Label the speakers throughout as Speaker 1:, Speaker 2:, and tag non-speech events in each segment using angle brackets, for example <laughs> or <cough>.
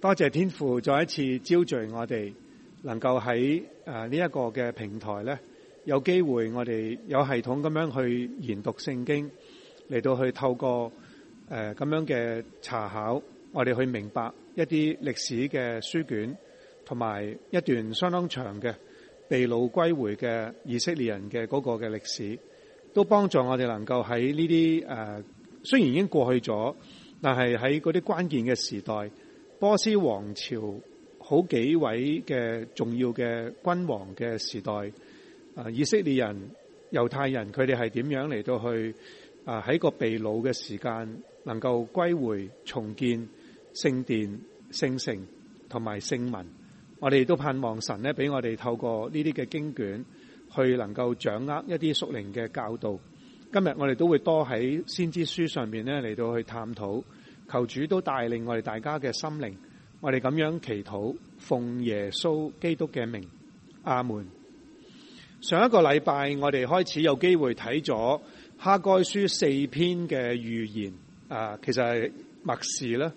Speaker 1: 多謝天父再一次招聚我哋，能夠喺誒呢一個嘅平台呢，有機會我哋有系統咁樣去研讀聖經，嚟到去透過誒咁樣嘅查考，我哋去明白一啲歷史嘅書卷，同埋一段相當長嘅被擄歸回嘅以色列人嘅嗰個嘅歷史，都幫助我哋能夠喺呢啲誒雖然已經過去咗，但係喺嗰啲關鍵嘅時代，波斯王朝好幾位嘅重要嘅君王嘅時代，啊，以色列人、猶太人，佢哋係點樣嚟到去啊喺個被擄嘅時間，能夠歸回重建聖殿、聖城同埋聖民？聖文我哋都盼望神咧，俾我哋透過呢啲嘅經卷，去能夠掌握一啲屬靈嘅教導。今日我哋都會多喺先知書上面咧嚟到去探討。求主都帶領我哋大家嘅心靈，我哋咁樣祈禱，奉耶穌基督嘅名，阿門。上一個禮拜我哋開始有機會睇咗哈該書四篇嘅預言啊，其實係默示啦，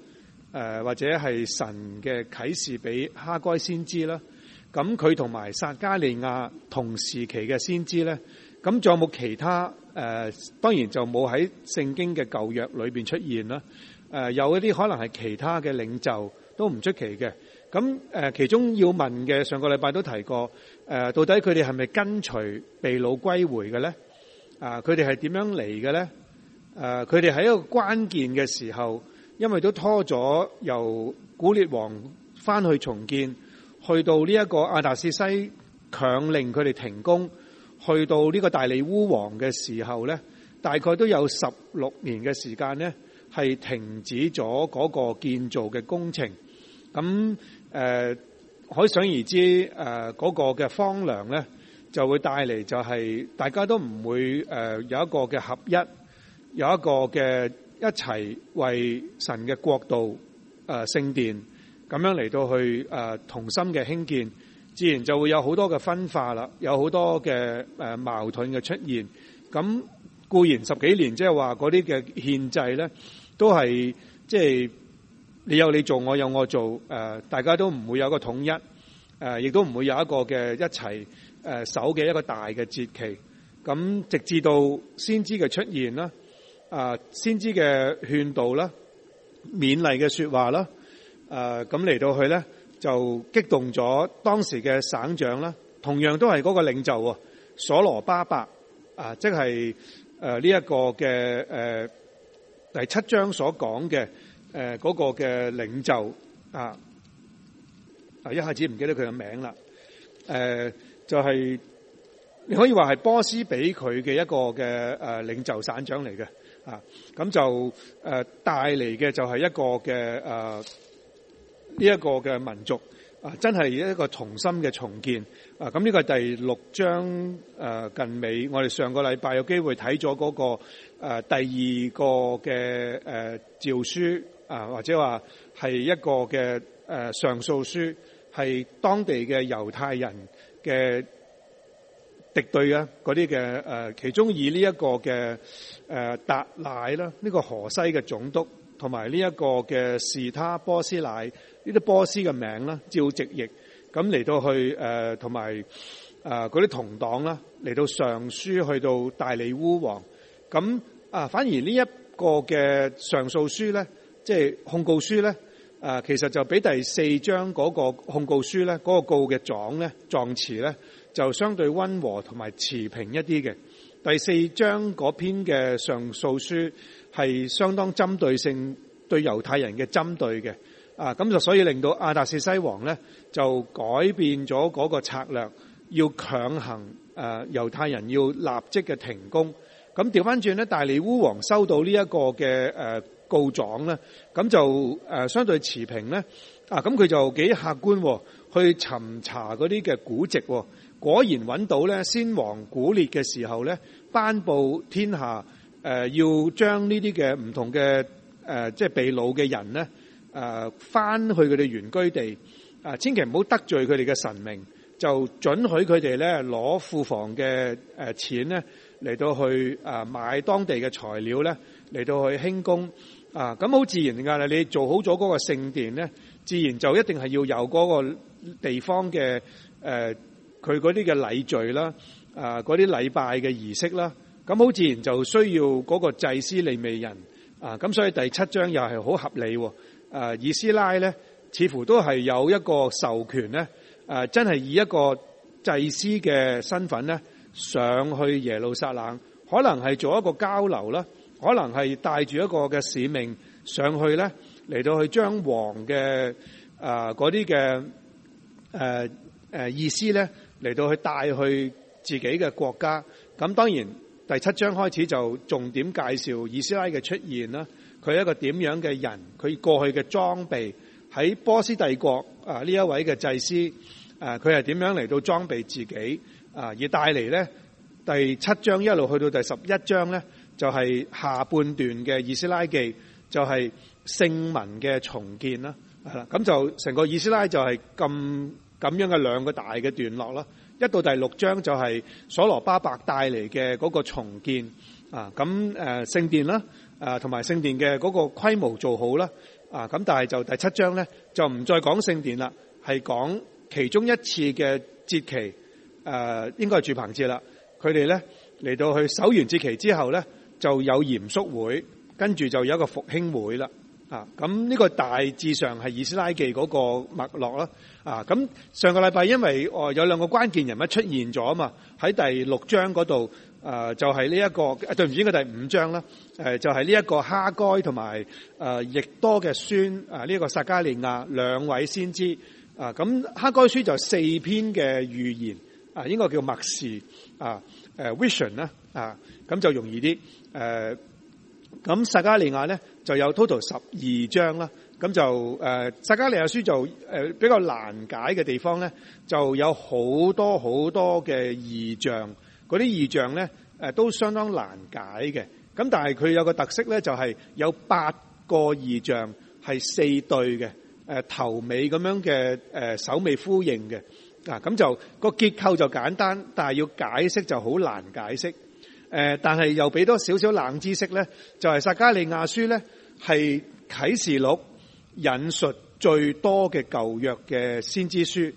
Speaker 1: 誒、啊、或者係神嘅啟示俾哈該先知啦。咁佢同埋撒加利亞同時期嘅先知咧，咁、啊、仲有冇其他誒、啊？當然就冇喺聖經嘅舊約裏邊出現啦。誒有一啲可能係其他嘅領袖都唔出奇嘅，咁誒其中要問嘅，上個禮拜都提過，誒到底佢哋係咪跟隨被擄歸回嘅咧？啊，佢哋係點樣嚟嘅咧？誒，佢哋喺一個關鍵嘅時候，因為都拖咗由古列王翻去重建，去到呢一個亞達斯西強令佢哋停工，去到呢個大利烏王嘅時候咧，大概都有十六年嘅時間咧。係停止咗嗰個建造嘅工程那，咁、呃、誒，可想而知誒，嗰、呃那個嘅荒涼呢就會帶嚟，就係、是、大家都唔會誒、呃、有一個嘅合一，有一個嘅一齊為神嘅國度誒、呃、聖殿咁樣嚟到去誒、呃、同心嘅興建，自然就會有好多嘅分化啦，有好多嘅誒矛盾嘅出現，咁固然十幾年即係話嗰啲嘅憲制呢。都係即係你有你做，我有我做，誒、呃，大家都唔會有一個統一，誒、呃，亦都唔會有一個嘅一齊誒、呃、守嘅一個大嘅節期，咁直至到先知嘅出現啦，啊、呃，先知嘅勸導啦，勉勵嘅說話啦，誒、呃，咁嚟到去咧就激動咗當時嘅省長啦，同樣都係嗰個領袖啊，所羅巴伯啊、呃，即係誒呢一個嘅誒。呃第七章所講嘅誒，嗰、呃那個嘅領袖啊，啊一下子唔記得佢嘅名啦。誒、啊，就係、是、你可以話係波斯俾佢嘅一個嘅誒、啊、領袖省長嚟嘅啊。咁就誒帶嚟嘅就係一個嘅誒呢一個嘅民族。啊！真係一個重新嘅重建。咁呢個第六章近尾，我哋上個禮拜有機會睇咗嗰個第二個嘅誒詔書啊，或者話係一個嘅上訴書，係當地嘅猶太人嘅敵對啊，嗰啲嘅，其中以呢一個嘅誒達乃啦，呢、呢個河西嘅總督。同埋呢一個嘅示他波斯乃呢啲波斯嘅名啦，照直譯咁嚟到去誒，同埋啊嗰啲同黨啦，嚟到上書去到大利烏王咁啊，反而呢一個嘅上訴書咧，即係控告書咧啊，其實就比第四章嗰個控告書咧，嗰個告嘅狀咧、狀詞咧，就相對温和同埋持平一啲嘅第四章嗰篇嘅上訴書。係相當針對性對猶太人嘅針對嘅、啊，啊咁就所以令到亞達士西王呢就改變咗嗰個策略，要強行誒、呃、猶太人要立即嘅停工。咁調翻轉呢，大利烏王收到呢一個嘅誒、呃、告狀呢，咁就誒、呃、相對持平呢。啊咁佢就幾客觀、啊、去尋查嗰啲嘅古籍、啊，果然揾到咧先王古列嘅時候咧，頒布天下。呃、要將、呃、呢啲嘅唔同嘅即係被擄嘅人咧，返、呃、翻去佢哋原居地，呃、千祈唔好得罪佢哋嘅神明，就准許佢哋咧攞庫房嘅、呃、錢咧嚟到去、呃、買當地嘅材料咧嚟到去興工，啊咁好自然㗎啦，你做好咗嗰個聖殿咧，自然就一定係要有嗰個地方嘅佢嗰啲嘅禮序啦，嗰、呃、啲禮拜嘅儀式啦。咁好自然就需要嗰個祭司利未人啊，咁、啊、所以第七章又係好合理喎、啊啊。以斯拉咧，似乎都係有一個授權咧，誒、啊，真係以一個祭司嘅身份咧，上去耶路撒冷，可能係做一個交流啦，可能係帶住一個嘅使命上去咧，嚟到去將王嘅誒嗰啲嘅誒意思咧，嚟到去帶去自己嘅國家。咁、啊、當然。第七章開始就重點介紹以斯拉嘅出現啦，佢係一個點樣嘅人，佢過去嘅裝備喺波斯帝國啊呢一位嘅祭司啊，佢係點樣嚟到裝備自己啊，而帶嚟呢第七章一路去到第十一章呢，就係、是、下半段嘅以斯拉記，就係、是、聖民嘅重建啦，係、啊、啦，咁就成個以斯拉就係咁咁樣嘅兩個大嘅段落啦。一到第六章就係所羅巴伯帶嚟嘅嗰個重建啊，咁、啊、誒聖殿啦，同、啊、埋聖殿嘅嗰個規模做好啦，啊咁但係就第七章咧就唔再講聖殿啦，係講其中一次嘅節期，誒、啊、應該係住棚節啦，佢哋咧嚟到去守完節期之後咧就有嚴肅會，跟住就有一個復興會啦。啊，咁呢個大致上係以斯拉記嗰個脈絡啦。啊，咁上個禮拜因為哦、呃、有兩個關鍵人物出現咗嘛，喺第六章嗰度、啊，就係呢一個，啊、對唔住應該第五章啦、啊，就係呢一個哈該同埋亦多嘅孫啊，呢、呢個撒加利亞兩位先知。啊，咁哈該書就四篇嘅預言，啊應該叫默示，啊、呃、Vision 啦、啊，啊咁就容易啲。咁、啊、撒加利亞咧，就有 total 十二章啦，咁就誒撒迦利亞書就誒比較難解嘅地方咧，就有好多好多嘅異象，嗰啲異象咧誒都相當難解嘅，咁但係佢有個特色咧，就係有八個異象係四對嘅誒頭尾咁樣嘅誒首尾呼應嘅，嗱咁就個結構就簡單，但係要解釋就好難解釋。誒，但係又俾多少少冷知識咧，就係、是、撒加利亞書咧係啟示錄引述最多嘅舊約嘅先知書，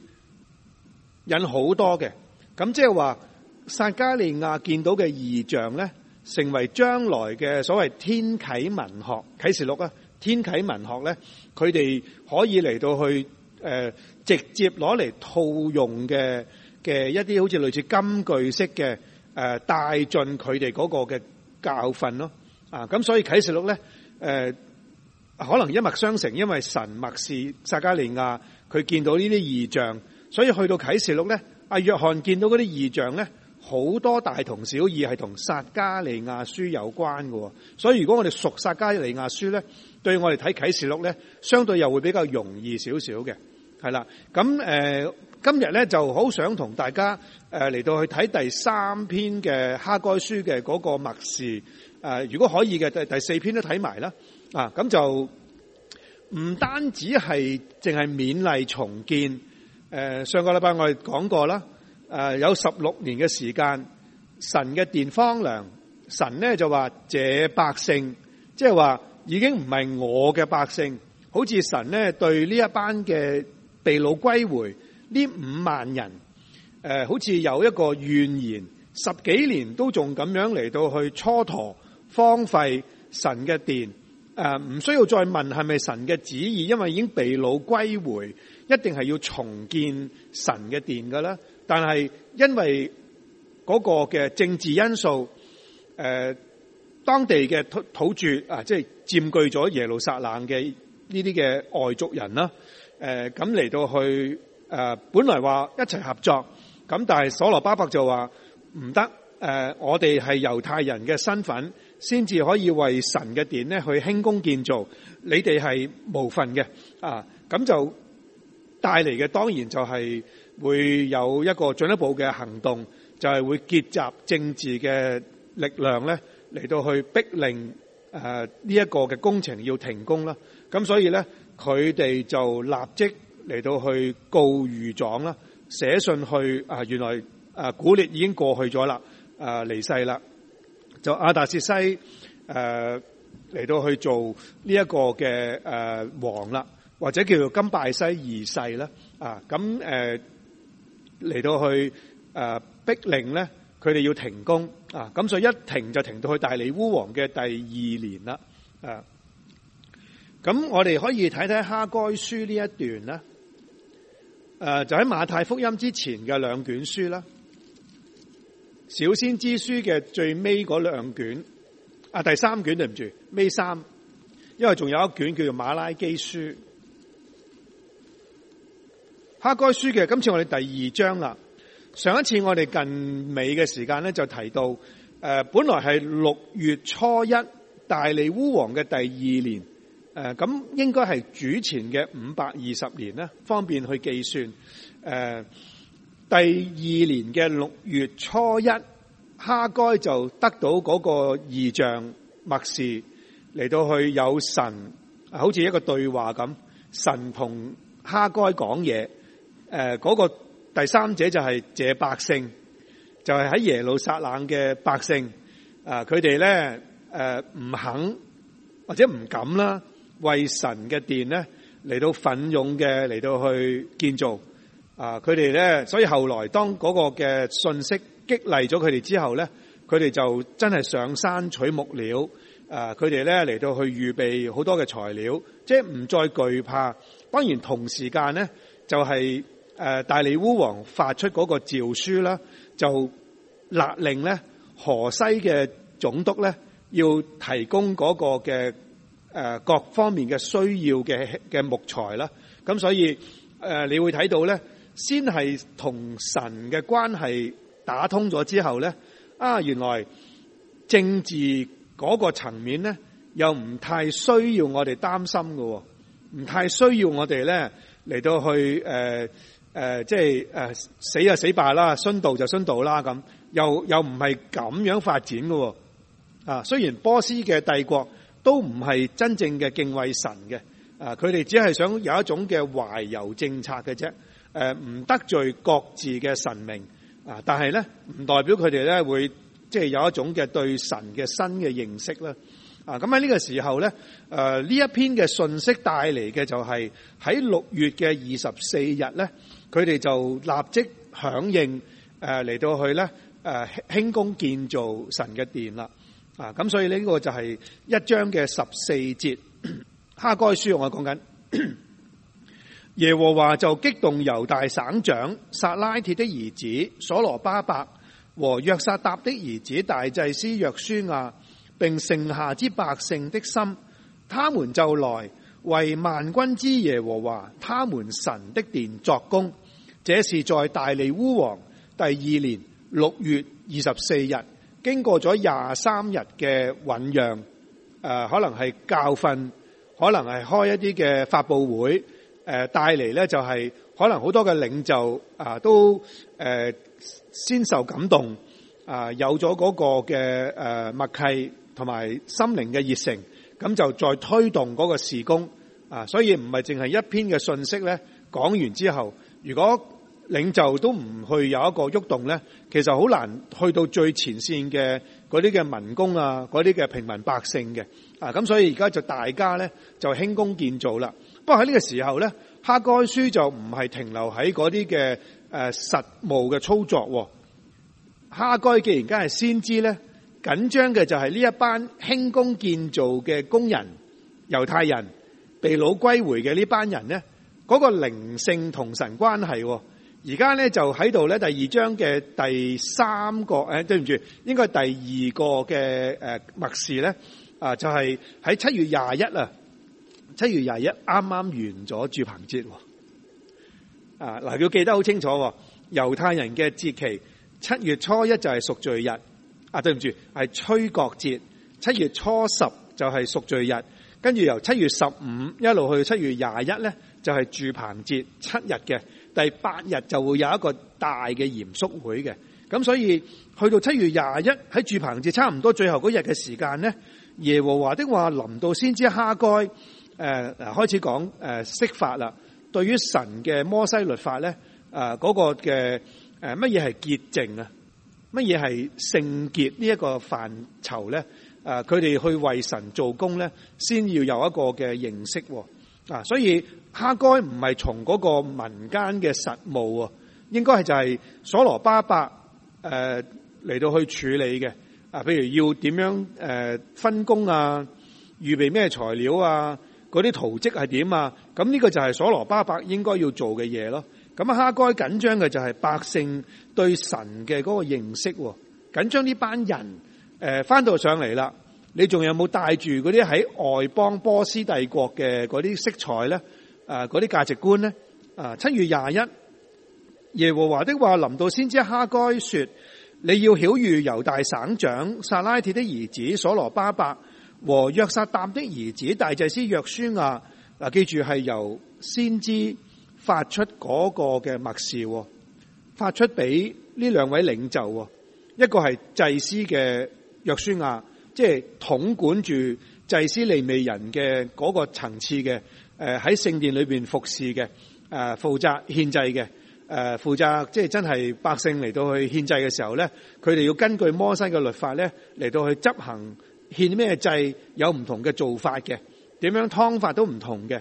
Speaker 1: 引好多嘅。咁即係話撒加利亞見到嘅異象咧，成為將來嘅所謂天啟文學啟示錄啊！天啟文學咧，佢哋可以嚟到去、呃、直接攞嚟套用嘅嘅一啲好似類似金句式嘅。誒帶進佢哋嗰個嘅教訓咯，啊咁所以啟示錄咧，誒、呃、可能一脈相承，因為神默示撒迦利亞，佢見到呢啲異象，所以去到啟示錄咧，阿、啊、約翰見到嗰啲異象咧，好多大同小異係同撒迦利亞書有關喎。所以如果我哋熟撒迦利亞書咧，對我哋睇啟示錄咧，相對又會比較容易少少嘅，係啦，咁誒。呃今日咧就好想同大家誒嚟、呃、到去睇第三篇嘅哈該書嘅嗰個默示誒、呃，如果可以嘅第第四篇都睇埋啦啊！咁、嗯、就唔單止係淨係勉勵重建誒、呃，上個禮拜我哋講過啦誒、呃，有十六年嘅時間，神嘅殿荒涼，神咧就話這百姓，即係話已經唔係我嘅百姓，好似神咧對呢一班嘅被擄歸回。呢五萬人，誒、呃，好似有一個怨言，十幾年都仲咁樣嚟到去蹉跎荒廢神嘅殿，誒、呃，唔需要再問係咪神嘅旨意，因為已經被擄歸回，一定係要重建神嘅殿噶啦。但係因為嗰個嘅政治因素，誒、呃，當地嘅土土著啊，即係佔據咗耶路撒冷嘅呢啲嘅外族人啦，誒、呃，咁嚟到去。誒，本來話一齊合作，咁但係所羅巴伯就話唔得。誒，我哋係猶太人嘅身份，先至可以為神嘅殿咧去興工建造。你哋係無份嘅，啊，咁就帶嚟嘅當然就係會有一個進一步嘅行動，就係、是、會結集政治嘅力量咧嚟到去逼令誒呢一個嘅工程要停工啦。咁所以咧，佢哋就立即。嚟到去告御狀啦，寫信去啊！原來啊古列已經過去咗啦，啊離世啦，就亞達薛西誒嚟、呃、到去做呢一個嘅誒、呃、王啦，或者叫做金拜西二世啦啊！咁誒嚟到去誒、呃、逼令咧，佢哋要停工啊！咁所以一停就停到去大利烏王嘅第二年啦，咁、啊、我哋可以睇睇哈該書呢一段咧。誒，就喺馬太福音之前嘅兩卷書啦，小先知書嘅最尾嗰兩卷，啊第三卷對唔住，尾三，因為仲有一卷叫做馬拉基書。哈該書嘅，今次我哋第二章啦。上一次我哋近尾嘅時間咧，就提到誒、呃，本來係六月初一大利烏王嘅第二年。誒，咁應該係主前嘅五百二十年咧，方便去計算。誒、呃，第二年嘅六月初一，哈該就得到嗰個異象默示，嚟到去有神，好似一個對話咁，神同哈該講嘢。誒、呃，嗰、那個第三者就係這百姓，就係、是、喺耶路撒冷嘅百姓。啊、呃，佢哋咧，誒、呃，唔肯或者唔敢啦。為神嘅殿咧，嚟到奮勇嘅嚟到去建造啊！佢哋咧，所以後來當嗰個嘅信息激勵咗佢哋之後咧，佢哋就真係上山取木料啊！佢哋咧嚟到去預備好多嘅材料，即係唔再懼怕。當然同時間咧，就係、是、誒大利烏王發出嗰個詔書啦，就勒令咧河西嘅總督咧要提供嗰個嘅。誒各方面嘅需要嘅嘅木材啦，咁所以誒，你會睇到咧，先係同神嘅關係打通咗之後咧，啊，原來政治嗰個層面咧，又唔太需要我哋擔心嘅，唔太需要我哋咧嚟到去誒誒即係誒死就死罷啦，殉道就殉道啦，咁又又唔係咁樣發展嘅喎，啊，雖然波斯嘅帝國。都唔係真正嘅敬畏神嘅，啊！佢哋只係想有一種嘅懷柔政策嘅啫，誒唔得罪各自嘅神明，啊！但係咧唔代表佢哋咧會即係有一種嘅對神嘅新嘅認識啦，啊！咁喺呢個時候咧，誒呢一篇嘅信息帶嚟嘅就係喺六月嘅二十四日咧，佢哋就立即響應，誒嚟到去咧誒輕功建造神嘅殿啦。啊，咁所以呢個就係一章嘅十四節。哈該書我講緊，耶和華就激動猶大省長撒拉鐵的兒子所羅巴伯和約薩達的兒子大祭司約書亞，並剩下之百姓的心，他們就來為萬軍之耶和華他們神的殿作工。這是在大利烏王第二年六月二十四日。經過咗廿三日嘅醞釀，誒、呃、可能係教訓，可能係開一啲嘅發佈會，誒、呃、帶嚟咧就係、是、可能好多嘅領袖啊、呃、都誒、呃、先受感動啊、呃，有咗嗰個嘅誒、呃、默契同埋心靈嘅熱誠，咁就再推動嗰個事工啊、呃，所以唔係淨係一篇嘅信息咧講完之後，如果領袖都唔去有一個喐動咧，其實好難去到最前綫嘅嗰啲嘅民工啊，嗰啲嘅平民百姓嘅，啊咁所以而家就大家咧就輕工建造啦。不過喺呢個時候咧，哈該書就唔係停留喺嗰啲嘅誒實務嘅操作啊。哈該既然梗係先知咧，緊張嘅就係呢一班輕工建造嘅工人、猶太人被擄歸回嘅呢班人咧，嗰個靈性同神關係啊。而家咧就喺度咧，第二章嘅第三個，對唔住，應該第二個嘅誒、呃、默示呢，咧、呃，啊就係、是、喺七月廿一啊，七月廿一啱啱完咗住棚節喎，啊、呃、嗱要記得好清楚，猶太人嘅節期，七月初一就係贖罪日，啊、呃、對唔住，係吹角節，七月初十就係贖罪日，跟住由七月十五一路去七月廿一咧，就係、是、住棚節七日嘅。第八日就會有一個大嘅嚴肅會嘅，咁所以去到七月廿一喺住棚節差唔多最後嗰日嘅時間咧，耶和華的話臨到先知哈該誒、呃、開始講誒釋、呃、法啦。對於神嘅摩西律法咧，誒、呃、嗰、那個嘅誒乜嘢係潔淨啊，乜嘢係聖潔呢一個範疇咧？誒、呃，佢哋去為神做工咧，先要有一個嘅認識喎。啊、呃，所以。哈該唔係從嗰個民間嘅實務啊，應該係就係所羅巴伯誒嚟、呃、到去處理嘅啊，譬如要點樣誒、呃、分工啊，預備咩材料啊，嗰啲圖跡係點啊，咁呢個就係所羅巴伯應該要做嘅嘢咯。咁啊，哈該緊張嘅就係百姓對神嘅嗰個認識、啊，緊張呢班人誒返、呃、到上嚟啦，你仲有冇帶住嗰啲喺外邦波斯帝國嘅嗰啲色彩咧？啊！嗰啲價值觀咧，啊七月廿一，耶和華的話臨到先知哈該說：你要曉諭猶大省長撒拉鐵的兒子所羅巴伯和約撒答的兒子大祭司約書亞。嗱、啊啊，記住係由先知發出嗰個嘅默示，發出俾呢兩位領袖，啊、一個係祭司嘅約書亞，即係統管住祭司利未人嘅嗰個層次嘅。誒，喺聖殿裏邊服侍嘅誒、呃、負責獻祭嘅，誒、呃、負責即係真係百姓嚟到去獻祭嘅時候咧，佢哋要根據摩西嘅律法咧嚟到去執行獻咩祭，有唔同嘅做法嘅，點樣劏法都唔同嘅。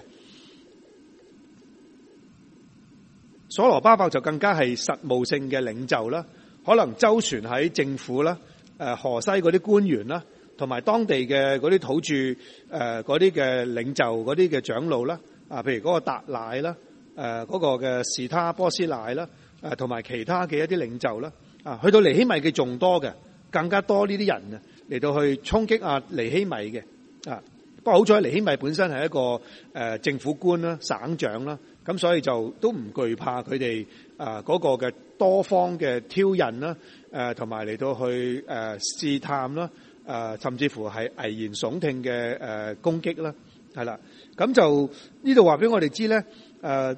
Speaker 1: 所羅巴伯就更加係實務性嘅領袖啦，可能周旋喺政府啦，誒、呃、河西嗰啲官員啦。同埋當地嘅嗰啲土著，誒嗰啲嘅領袖，嗰啲嘅長老啦，啊，譬如嗰個達乃啦，誒嗰個嘅士他波斯乃啦，誒同埋其他嘅一啲領袖啦，啊，去到尼希米嘅眾多嘅，更加多呢啲人嚟到去衝擊啊尼希米嘅，啊，不過好彩尼希米本身係一個誒政府官啦、省長啦，咁所以就都唔懼怕佢哋啊嗰個嘅多方嘅挑釁啦，誒同埋嚟到去誒試探啦。誒、呃，甚至乎係危言聳聽嘅誒、呃、攻擊啦，係啦，咁就呢度話俾我哋知咧。誒、呃，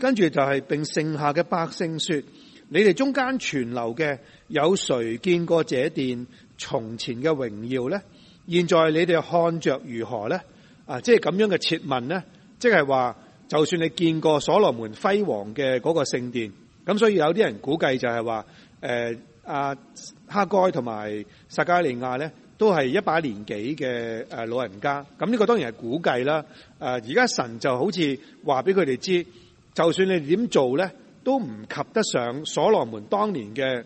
Speaker 1: 跟住就係並剩下嘅百姓説：你哋中間存留嘅，有誰見過這殿從前嘅榮耀咧？現在你哋看着如何咧？啊、呃，即係咁樣嘅設問咧，即係話就算你見過所羅門輝煌嘅嗰個聖殿，咁所以有啲人估計就係話誒阿哈該同埋撒加利亞咧。都係一把年紀嘅誒老人家，咁呢個當然係估計啦。誒而家神就好似話俾佢哋知，就算你點做呢，都唔及得上所羅門當年嘅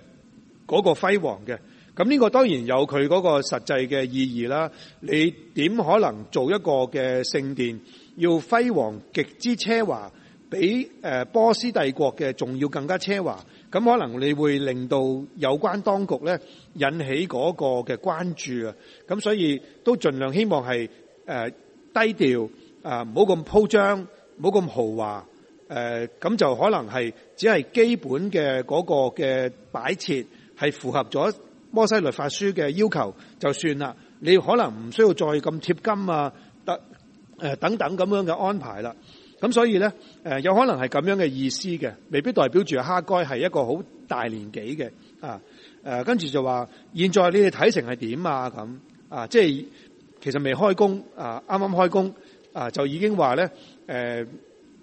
Speaker 1: 嗰個輝煌嘅。咁呢個當然有佢嗰個實際嘅意義啦。你點可能做一個嘅聖殿要輝煌極之奢華？比波斯帝國嘅仲要更加奢華，咁可能你會令到有關當局咧引起嗰個嘅關注啊！咁所以都盡量希望係低調啊，唔好咁鋪張，唔好咁豪華誒，咁就可能係只係基本嘅嗰個嘅擺設係符合咗摩西律法書嘅要求就算啦。你可能唔需要再咁貼金啊，得等等咁樣嘅安排啦。咁所以咧，誒有可能係咁樣嘅意思嘅，未必代表住哈該係一個好大年紀嘅啊，啊，跟住就話，現在你哋睇成係點啊？咁啊，即係其實未開工啊，啱啱開工啊，就已經話咧誒，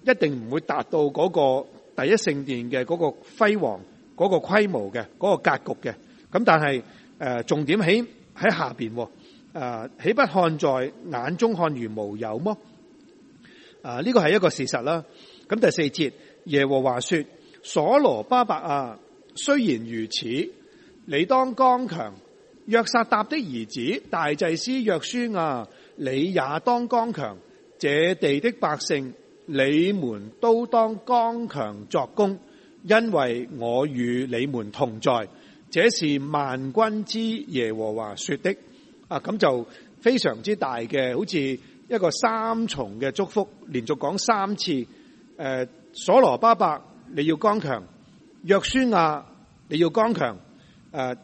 Speaker 1: 一定唔會達到嗰個第一聖殿嘅嗰個輝煌嗰個規模嘅嗰個格局嘅。咁、啊、但係誒、啊、重點喺喺下邊喎，誒、啊、豈不看在眼中看如無有麼？啊！呢個係一個事實啦。咁第四節，耶和華說：所羅巴伯啊，雖然如此，你當剛強；約薩達的兒子大祭司約書亞，你也當剛強；這地的百姓，你們都當剛強作工，因為我與你們同在。這是萬軍之耶和華說的。啊，咁就非常之大嘅，好似。一個三重嘅祝福，連續講三次。誒、呃，所羅巴伯你要剛強，約書亞你要剛強。誒、呃，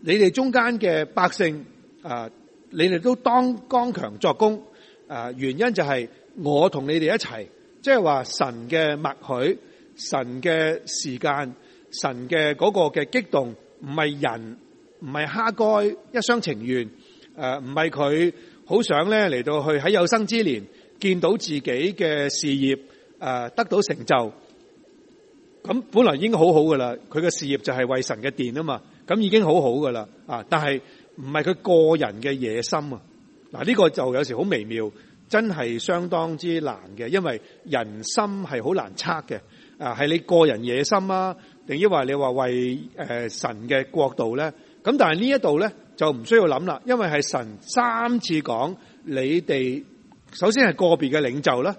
Speaker 1: 你哋中間嘅百姓，呃、你哋都當剛強作工。誒、呃，原因就係我同你哋一齊，即係話神嘅默許，神嘅時間，神嘅嗰個嘅激動，唔係人，唔係哈該，一廂情願。誒、呃，唔係佢。好想咧嚟到去喺有生之年見到自己嘅事業誒，得到成就，咁本來已經好好噶啦。佢嘅事業就係為神嘅殿啊嘛，咁已經好好噶啦啊！但係唔係佢個人嘅野心啊，嗱、這、呢個就有時好微妙，真係相當之難嘅，因為人心係好難測嘅啊，係你個人野心啊，定抑或你話為誒神嘅國度咧？咁但係呢一度咧。就唔需要諗啦，因為係神三次講你哋，首先係個別嘅領袖啦，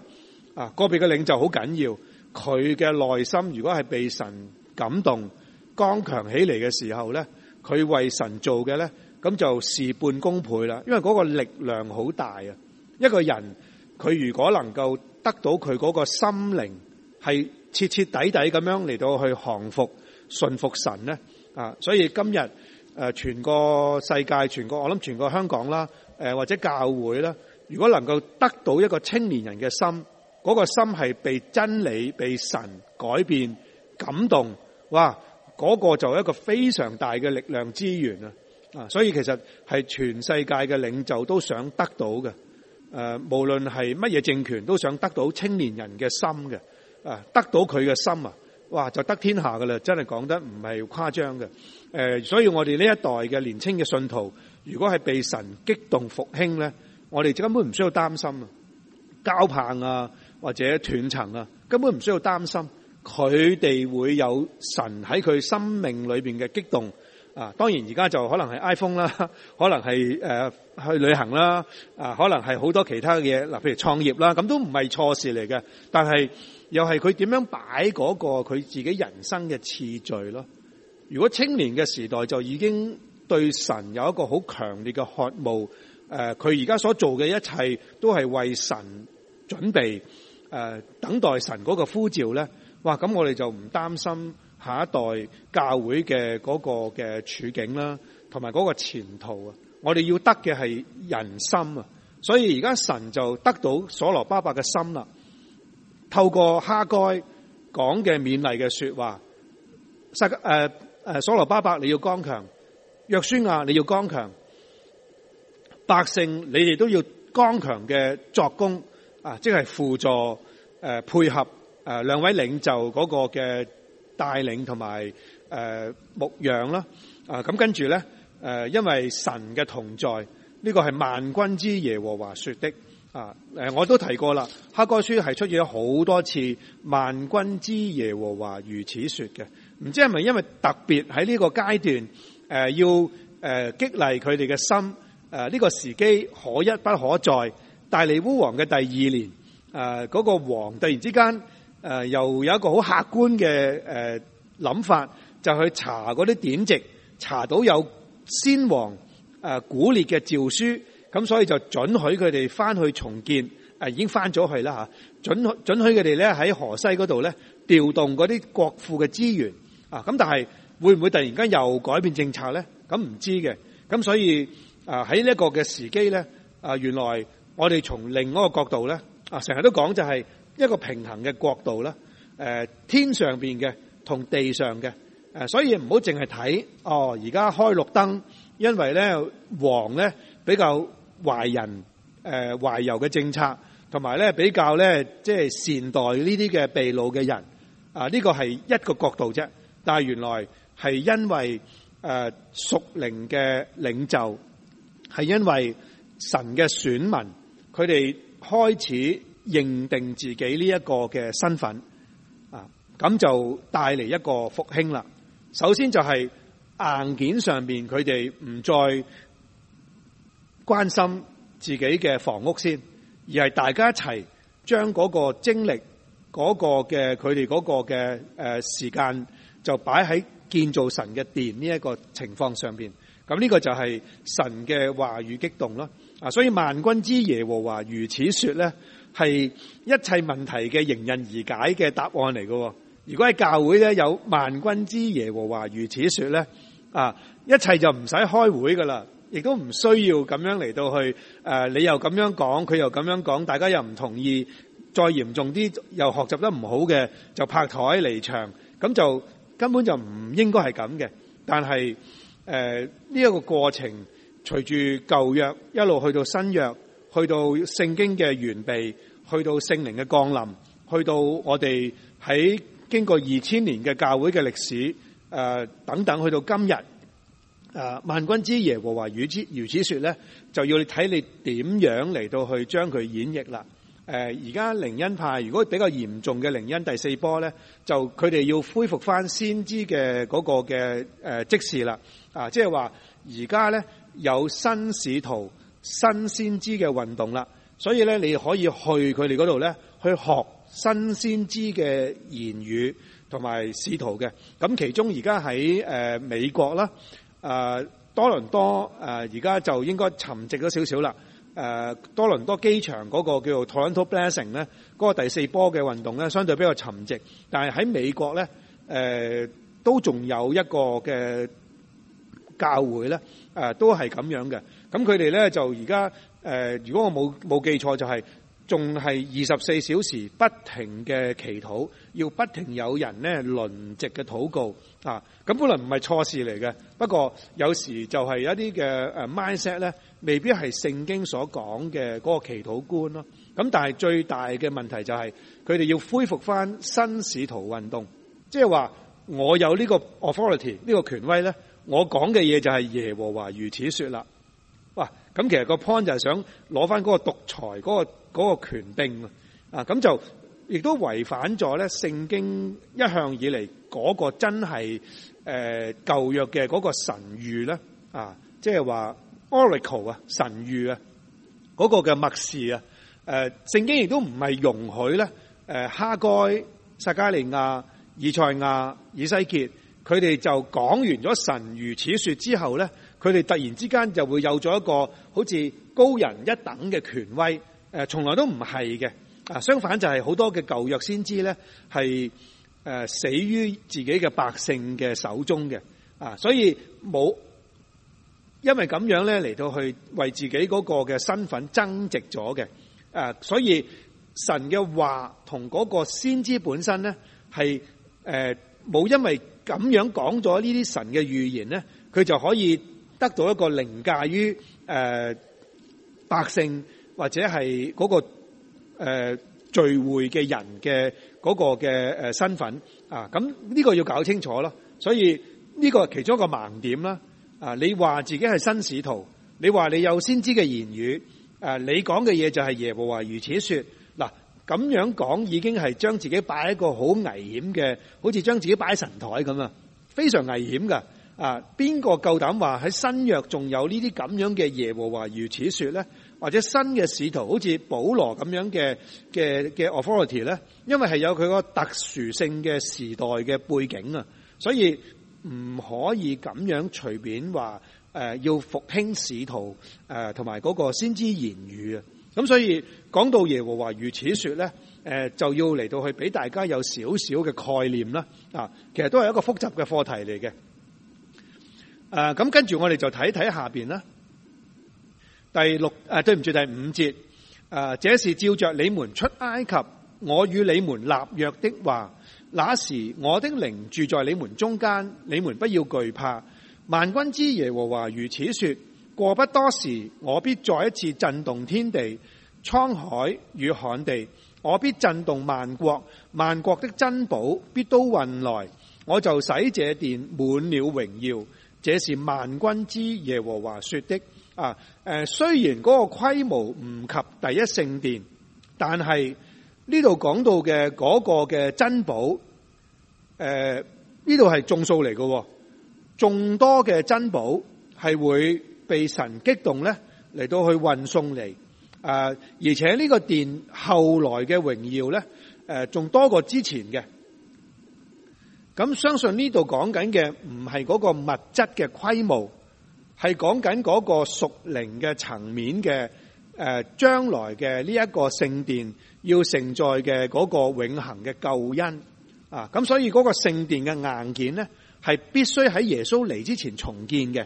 Speaker 1: 啊，個別嘅領袖好緊要，佢嘅內心如果係被神感動，剛強起嚟嘅時候咧，佢為神做嘅咧，咁就事半功倍啦，因為嗰個力量好大啊！一個人佢如果能夠得到佢嗰個心靈係徹徹底底咁樣嚟到去降服順服神咧，啊，所以今日。誒，全個世界，全個我諗，全個香港啦，誒，或者教會啦，如果能夠得到一個青年人嘅心，嗰個心係被真理、被神改變、感動，哇，嗰個就一個非常大嘅力量資源啊！啊，所以其實係全世界嘅領袖都想得到嘅，誒，無論係乜嘢政權都想得到青年人嘅心嘅，誒，得到佢嘅心啊，哇，就得天下噶啦，真係講得唔係誇張嘅。誒、呃，所以我哋呢一代嘅年青嘅信徒，如果係被神激動復興呢，我哋根本唔需要擔心交棒啊，交棒啊或者斷層啊，根本唔需要擔心。佢哋會有神喺佢生命裏邊嘅激動啊。當然而家就可能係 iPhone 啦，可能係誒、呃、去旅行啦，啊，可能係好多其他嘅嘢嗱，譬如創業啦，咁都唔係錯事嚟嘅。但係又係佢點樣擺嗰個佢自己人生嘅次序咯。如果青年嘅時代就已經對神有一個好強烈嘅渴慕，誒、呃，佢而家所做嘅一切都係為神準備，誒、呃，等待神嗰個呼召咧，哇！咁我哋就唔擔心下一代教會嘅嗰個嘅處境啦，同埋嗰個前途啊，我哋要得嘅係人心啊，所以而家神就得到所羅巴伯嘅心啦，透過哈該講嘅勉勵嘅說話，實誒。呃誒，所羅巴伯你要剛強，約書亞你要剛強，百姓你哋都要剛強嘅作工啊！即係輔助誒、啊，配合誒兩、啊、位領袖嗰個嘅帶領同埋誒牧養啦。啊，咁、啊、跟住咧，誒、啊，因為神嘅同在，呢、這個係萬軍之耶和華說的啊！誒，我都提過啦，哈該書係出現咗好多次，萬軍之耶和華如此說嘅。唔知係咪因為特別喺呢個階段，誒、呃、要誒、呃、激勵佢哋嘅心，誒、呃、呢、這個時機可一不可再。大利烏王嘅第二年，誒、呃、嗰、那個王突然之間，誒、呃、又有一個好客觀嘅誒諗法，就去查嗰啲典籍，查到有先王誒、呃、古列嘅詔書，咁所以就准許佢哋翻去重建。誒、呃、已經翻咗去啦吓，准准許佢哋咧喺河西嗰度咧調動嗰啲國庫嘅資源。啊，咁但係會唔會突然間又改變政策咧？咁唔知嘅，咁所以啊喺呢一個嘅時機咧，啊原來我哋從另一個角度咧，啊成日都講就係一個平衡嘅角度啦，誒天上邊嘅同地上嘅，誒所以唔好淨係睇哦而家開綠燈，因為咧黃咧比較懷人誒懷柔嘅政策，同埋咧比較咧即係善待呢啲嘅被擄嘅人，啊呢個係一個角度啫。但係原來係因為誒屬、呃、靈嘅領袖，係因為神嘅選民，佢哋開始認定自己呢一個嘅身份啊，咁就帶嚟一個復興啦。首先就係硬件上面，佢哋唔再關心自己嘅房屋先，而係大家一齊將嗰個精力、嗰、嗰個嘅佢哋嗰個嘅誒、呃、時間。就擺喺建造神嘅殿呢一個情況上邊，咁呢個就係神嘅話語激動囉。啊，所以萬軍之耶和華如此說呢，係一切問題嘅迎刃而解嘅答案嚟嘅。如果喺教會呢，有萬軍之耶和華如此說呢，啊，一切就唔使開會噶啦，亦都唔需要咁樣嚟到去誒，你又咁樣講，佢又咁樣講，大家又唔同意，再嚴重啲又學習得唔好嘅就拍台離場，咁就。根本就唔應該係咁嘅，但係誒呢一個過程，隨住舊約一路去到新約，去到聖經嘅完備，去到聖靈嘅降臨，去到我哋喺經過二千年嘅教會嘅歷史誒、呃、等等，去到今日誒、呃、萬軍之耶和華如此如此說咧，就要看你睇你點樣嚟到去將佢演繹啦。誒而家靈恩派，如果比較嚴重嘅靈恩第四波咧，就佢哋要恢復返先知嘅嗰個嘅誒、呃、即時啦，啊，即係話而家咧有新使徒、新先知嘅運動啦，所以咧你可以去佢哋嗰度咧去學新先知嘅言語同埋使徒嘅，咁其中而家喺誒美國啦，誒、呃、多倫多誒而家就應該沉寂咗少少啦。誒、呃、多倫多機場嗰個叫做 Toronto Blessing 咧，嗰、那個第四波嘅運動咧，相對比較沉寂。但係喺美國咧，誒、呃、都仲有一個嘅教會咧，誒、呃、都係咁樣嘅。咁佢哋咧就而家誒，如果我冇冇記錯、就是，就係。仲係二十四小時不停嘅祈禱，要不停有人咧輪值嘅禱告啊！咁本來唔係錯事嚟嘅，不過有時就係一啲嘅誒 mindset 咧，未必係聖經所講嘅嗰個祈禱觀咯。咁但係最大嘅問題就係佢哋要恢復翻新使徒運動，即係話我有呢個 authority 呢個權威咧，我講嘅嘢就係耶和華如此說啦。哇、啊！咁其實個 point 就係想攞翻嗰個獨裁嗰、嗰個。嗰、那個權定啊！啊咁就亦都違反咗咧聖經一向以嚟嗰、那個真係誒、呃、舊約嘅嗰個神諭咧啊，即係話 oracle 神諭啊神諭、那個、啊嗰個嘅默示啊，聖經亦都唔係容許咧、啊、哈該、撒迦利亞、以賽亞、以西結佢哋就講完咗神如此說之後咧，佢哋突然之間就會有咗一個好似高人一等嘅權威。誒，從來都唔係嘅，啊，相反就係好多嘅舊約先知咧，係誒、呃、死於自己嘅百姓嘅手中嘅，啊，所以冇因為咁樣咧嚟，到去為自己嗰個嘅身份增值咗嘅，誒、啊，所以神嘅話同嗰個先知本身咧係誒冇因為咁樣講咗呢啲神嘅預言咧，佢就可以得到一個凌駕於誒、呃、百姓。或者係嗰、嗰個、呃、聚會嘅人嘅嗰個嘅誒、呃、身份啊，咁呢個要搞清楚咯。所以呢個係其中一個盲點啦。啊，你話自己係新使徒，你話你有先知嘅言語，誒、啊，你講嘅嘢就係耶和華如此説。嗱、啊，咁樣講已經係將自己擺喺個好危險嘅，好似將自己擺喺神台咁啊，非常危險噶。啊，邊個夠膽話喺新約仲有呢啲咁樣嘅耶和華如此説咧？或者新嘅使徒，好似保羅咁樣嘅嘅嘅 authority 咧，因為係有佢個特殊性嘅時代嘅背景啊，所以唔可以咁樣隨便話誒、呃、要復興使徒誒，同埋嗰個先知言語啊。咁所以講到耶和華如此說咧，誒、呃、就要嚟到去俾大家有少少嘅概念啦。啊，其實都係一個複雜嘅課題嚟嘅。誒、啊，咁跟住我哋就睇睇下邊啦。第六，誒、啊，對唔住，第五節，誒、啊，這是照着你們出埃及，我與你們立約的話，那時我的靈住在你們中間，你們不要懼怕。萬軍之耶和華如此說：過不多時，我必再一次震動天地、滄海與旱地，我必震動萬國，萬國的珍寶必都運來，我就使這殿滿了榮耀。這是萬軍之耶和華說的。啊！誒、呃，雖然嗰個規模唔及第一聖殿，但係呢度講到嘅嗰個嘅珍寶，誒呢度係眾數嚟嘅，眾多嘅珍寶係會被神激動咧嚟到去運送嚟啊！而且呢個殿後來嘅榮耀咧，誒、呃、仲多過之前嘅。咁相信呢度講緊嘅唔係嗰個物質嘅規模。係講緊嗰個屬靈嘅層面嘅，將、呃、來嘅呢一個聖殿要承載嘅嗰個永恆嘅救恩啊！咁所以嗰個聖殿嘅硬件咧，係必須喺耶穌嚟之前重建嘅。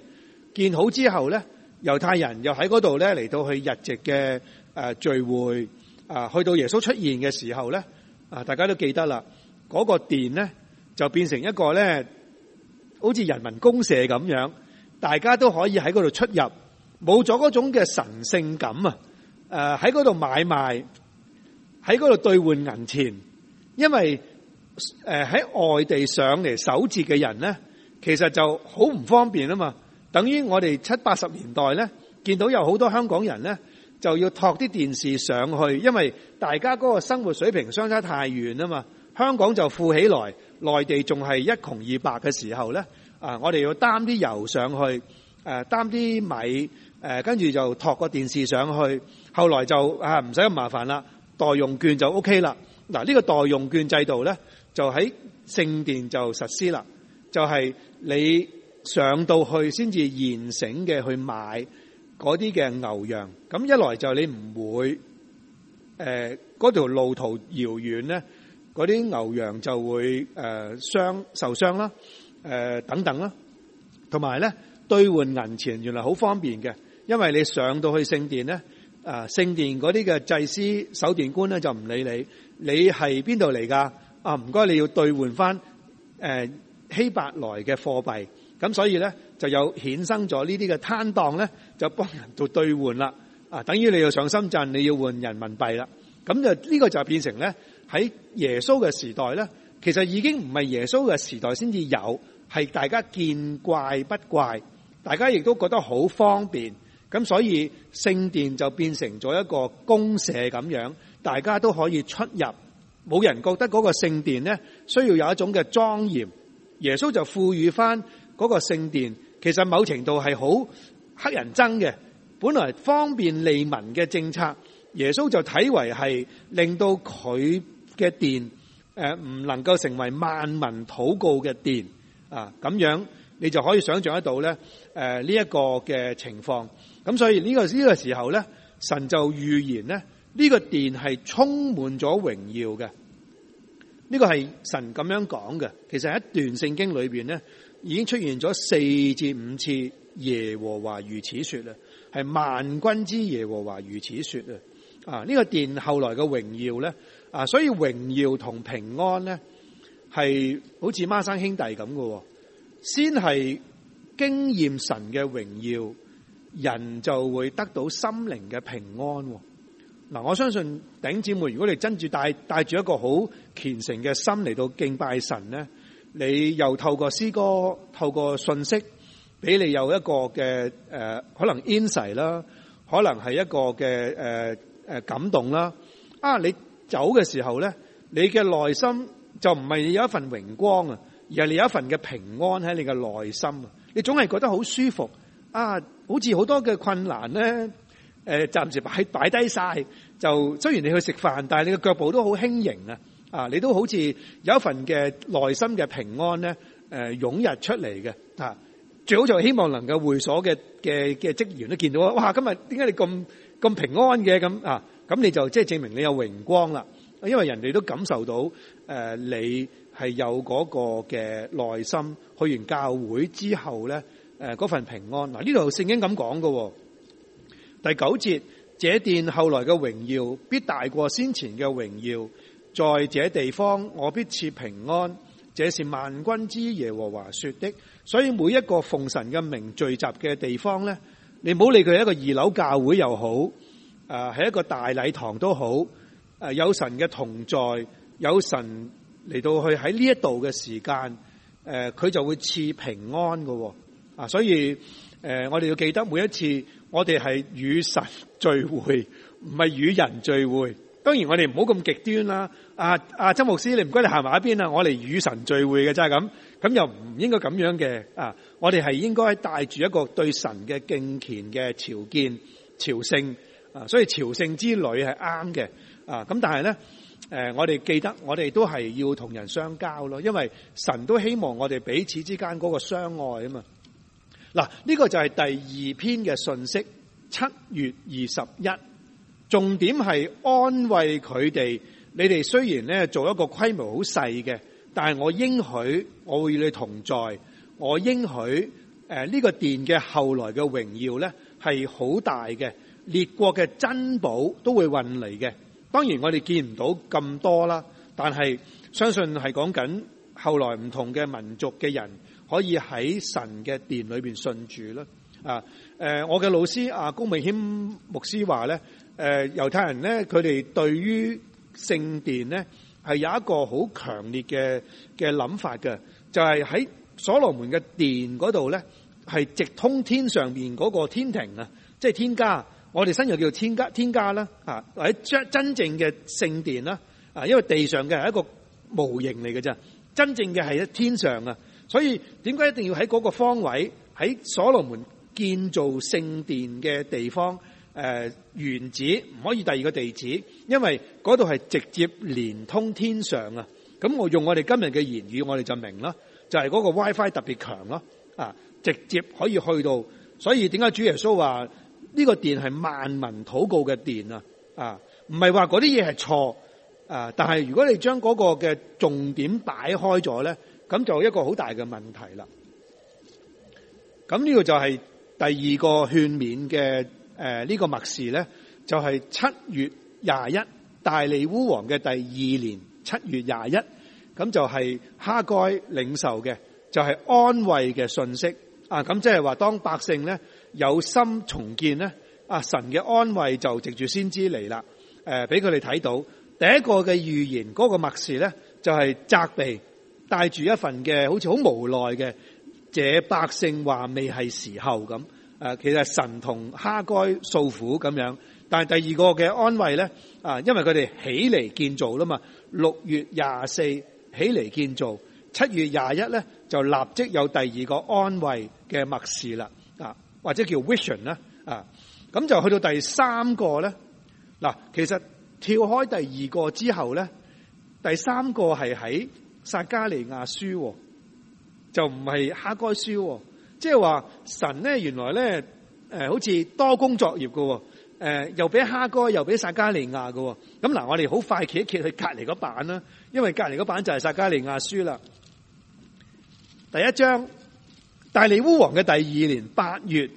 Speaker 1: 建好之後咧，猶太人又喺嗰度咧嚟到去日夕嘅、呃、聚會啊，去到耶穌出現嘅時候咧啊，大家都記得啦，嗰、那個殿咧就變成一個咧，好似人民公社咁樣。大家都可以喺嗰度出入，冇咗嗰種嘅神聖感啊！誒、呃，喺嗰度買賣，喺嗰度兌換銀錢，因為誒喺、呃、外地上嚟守節嘅人咧，其實就好唔方便啊嘛。等於我哋七八十年代咧，見到有好多香港人咧，就要托啲電視上去，因為大家嗰個生活水平相差太遠啊嘛。香港就富起來，內地仲係一窮二白嘅時候咧。啊！我哋要擔啲油上去，誒擔啲米，誒跟住就托個電視上去。後來就啊唔使咁麻煩啦，代用券就 OK 啦。嗱、啊、呢、這個代用券制度咧，就喺聖殿就實施啦。就係、是、你上到去先至現成嘅去買嗰啲嘅牛羊。咁一來就你唔會，誒嗰條路途遙遠咧，嗰啲牛羊就會誒傷、呃、受傷啦。誒，等等啦，同埋咧，兌換銀錢原來好方便嘅，因為你上到去聖殿咧，啊、呃，聖殿嗰啲嘅祭司、守殿官咧就唔理你，你係邊度嚟噶？啊，唔該，你要兌換翻誒希伯來嘅貨幣，咁所以咧就有衍生咗呢啲嘅攤檔咧，就幫人做兌換啦。啊，等於你要上深圳，你要換人民幣啦。咁就呢、這個就變成咧喺耶穌嘅時代咧，其實已經唔係耶穌嘅時代先至有。係大家見怪不怪，大家亦都覺得好方便，咁所以聖殿就變成咗一個公社咁樣，大家都可以出入，冇人覺得嗰個聖殿咧需要有一種嘅莊嚴。耶穌就賦予翻嗰個聖殿，其實某程度係好乞人憎嘅。本來方便利民嘅政策，耶穌就睇為係令到佢嘅殿誒唔能夠成為萬民禱告嘅殿。啊，咁樣你就可以想象得到咧，誒呢一個嘅情況，咁所以呢個呢個時候咧，神就預言咧，呢個殿係充滿咗榮耀嘅，呢個係神咁樣講嘅。其實喺一段聖經裏邊咧，已經出現咗四至五次，耶和華如此說啊，係萬軍之耶和華如此說啊，啊呢個殿後來嘅榮耀咧，啊所以榮耀同平安咧。係好似孖生兄弟咁嘅，先係經驗神嘅榮耀，人就會得到心靈嘅平安。嗱，我相信頂姊妹，如果你真住帶帶住一個好虔誠嘅心嚟到敬拜神咧，你又透過詩歌，透過信息，俾你有一個嘅誒、呃，可能 insight 啦，可能係一個嘅誒誒感動啦。啊，你走嘅時候咧，你嘅內心，就唔係有一份榮光啊，而係你有一份嘅平安喺你嘅內心啊。你總係覺得好舒服啊，好似好多嘅困難咧，誒、呃，暫時擺低晒。就雖然你去食飯，但係你嘅腳步都好輕盈啊。啊，你都好似有一份嘅內心嘅平安咧，誒、呃，湧溢出嚟嘅啊。最好就希望能夠會所嘅嘅嘅職員都見到啊。哇，今日點解你咁咁平安嘅咁啊？咁你就即係證明你有榮光啦，因為人哋都感受到。誒、呃，你係有嗰個嘅內心去完教會之後咧，誒、呃、嗰份平安。嗱、呃，呢度聖經咁講嘅，第九節，這殿後來嘅榮耀必大過先前嘅榮耀，在這地方我必賜平安，這是萬軍之耶和華說的。所以每一個奉神嘅名聚集嘅地方咧，你唔好理佢係一個二樓教會又好，誒、呃、係一個大禮堂都好，誒、呃、有神嘅同在。有神嚟到去喺呢一度嘅時間，誒、呃，佢就會賜平安㗎、哦、啊，所以誒、呃，我哋要記得每一次我哋係與神聚會，唔係與人聚會。當然我哋唔好咁極端啦，阿阿曾牧師，你唔該你行埋一邊啦，我哋與神聚會嘅真係咁，咁、就是、又唔應該咁樣嘅，啊，我哋係應該帶住一個對神嘅敬虔嘅朝見朝聖，啊，所以朝聖之旅係啱嘅，啊，咁但係咧。誒、呃，我哋記得，我哋都係要同人相交咯，因為神都希望我哋彼此之間嗰個相愛啊嘛。嗱、呢、這個就係第二篇嘅信息，七月二十一，重點係安慰佢哋。你哋雖然咧做一個規模好細嘅，但係我應許，我會與你同在。我應許，誒、呃、呢、這個殿嘅後來嘅榮耀咧係好大嘅，列國嘅珍寶都會運嚟嘅。當然我哋見唔到咁多啦，但係相信係講緊後來唔同嘅民族嘅人可以喺神嘅殿裏邊信主啦。啊，誒、呃，我嘅老師阿高、啊、美謙牧師話咧，誒、呃，猶太人咧，佢哋對於聖殿咧係有一個好強烈嘅嘅諗法嘅，就係、是、喺所羅門嘅殿嗰度咧係直通天上面嗰個天庭啊，即係天家。我哋身又叫天家天家啦，吓，或者真真正嘅聖殿啦，啊，因為地上嘅係一個模型嚟嘅啫，真正嘅係一天上啊，所以點解一定要喺嗰個方位喺所羅門建造聖殿嘅地方？誒、呃，原址唔可以第二個地址，因為嗰度係直接連通天上啊。咁我用我哋今日嘅言語，我哋就明啦，就係、是、嗰個 WiFi 特別強咯，啊，直接可以去到。所以點解主耶穌話？呢、這個殿係萬民禱告嘅殿啊！啊，唔係話嗰啲嘢係錯啊，但係如果你將嗰個嘅重點擺開咗咧，咁就有一個好大嘅問題啦。咁、這、呢個就係第二個勸勉嘅誒呢個默示咧，就係、是、七月廿一大利烏王嘅第二年七月廿一，咁就係哈該領受嘅，就係、是、安慰嘅訊息啊！咁即係話當百姓咧。有心重建咧，啊！神嘅安慰就藉住先知嚟啦，誒、啊，俾佢哋睇到第一個嘅預言嗰、那個默示咧，就係責備，帶住一份嘅好似好無奈嘅，這百姓話未係時候咁，誒、啊，其實是神同哈該訴苦咁樣，但係第二個嘅安慰咧，啊，因為佢哋起嚟建造啦嘛，六月廿四起嚟建造，七月廿一咧就立即有第二個安慰嘅默示啦，啊！或者叫 vision 啦，啊，咁就去到第三個咧。嗱、啊，其實跳開第二個之後咧，第三個係喺撒加利亞書，就唔係哈該書。啊、即係話神咧，原來咧，誒、呃，好似多工作業嘅，誒、呃，又俾哈該，又俾撒加利亞嘅。咁、啊、嗱、啊，我哋好快企一企去隔籬嗰版啦，因為隔籬嗰版就係撒加利亞書啦，第一章。大利烏王嘅第二年八月，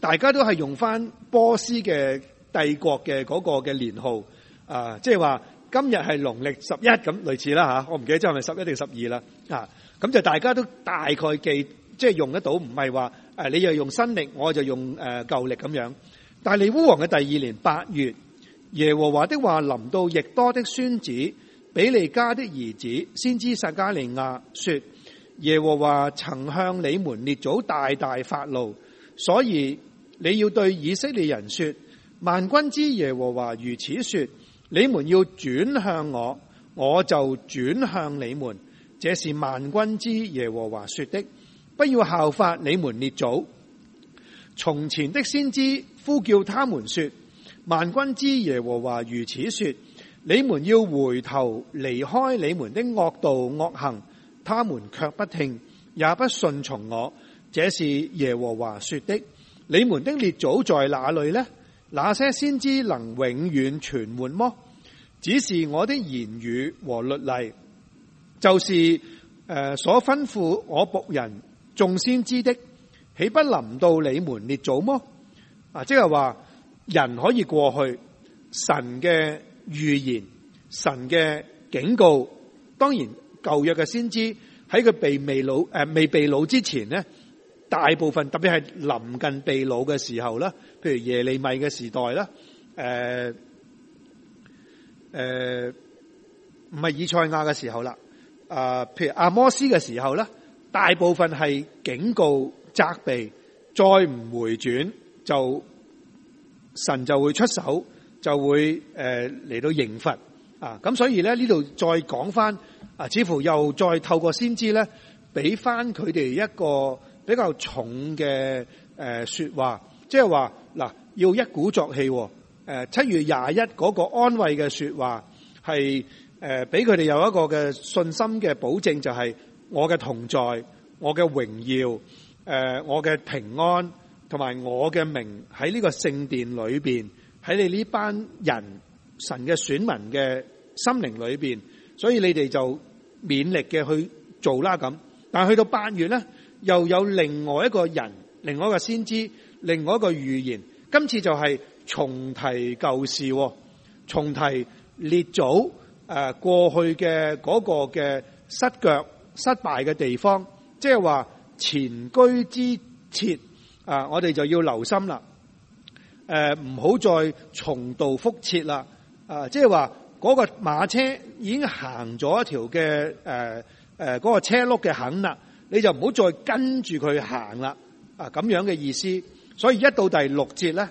Speaker 1: 大家都係用翻波斯嘅帝國嘅嗰個嘅年號，啊、呃，即係話今日係農曆十一咁類似啦吓，我唔記得即係十一定十二啦，啊，咁就大家都大概記，即係用得到，唔係話誒你又用新曆，我就用誒舊曆咁樣。大利烏王嘅第二年八月，耶和華的話臨到易多的孫子比利家的兒子先知撒迦利亞說。耶和華曾向你們列祖大大發怒，所以你要對以色列人說：萬軍之耶和華如此說，你們要轉向我，我就轉向你們。這是萬軍之耶和華說的。不要效法你們列祖。從前的先知呼叫他們說：萬軍之耶和華如此說，你們要回頭離開你們的惡道惡行。他們卻不聽，也不順從我，這是耶和華說的。你們的列祖在哪裏呢？那些先知能永遠存活麼？只是我的言語和律例，就是誒所吩咐我僕人眾先知的，豈不臨到你們列祖麼？啊，即係話人可以過去，神嘅預言、神嘅警告，當然。舊約嘅先知喺佢被未擄誒、呃、未被擄之前咧，大部分特別係臨近被擄嘅時候啦，譬如耶利米嘅時代啦，誒誒唔係以賽亞嘅時候啦、呃，譬如阿摩斯嘅時候咧，大部分係警告責備，再唔回轉就神就會出手，就會誒嚟、呃、到刑罰啊！咁所以咧呢度再講翻。啊！似乎又再透過先知咧，俾翻佢哋一個比較重嘅、呃、說話，即係話嗱，要一鼓作氣、哦。誒、呃、七月廿一嗰個安慰嘅說話，係誒俾佢哋有一個嘅信心嘅保證，就係、係、我嘅同在，我嘅榮耀，呃、我嘅平安，同埋我嘅名喺呢個聖殿裏面，喺你呢班人神嘅選民嘅心靈裏面。所以你哋就勉力嘅去做啦咁，但係去到八月咧，又有另外一個人、另外一個先知、另外一個預言，今次就係重提舊事，重提列祖誒過去嘅嗰個嘅失腳失敗嘅地方，即係話前居之切啊，我哋就要留心啦，誒唔好再重蹈覆轍啦，啊即係話。嗰、嗰個馬車已經行咗一條嘅誒誒，呃嗰個車碌嘅坑啦，你就唔好再跟住佢行啦。啊，咁樣嘅意思。所以一到第六節咧，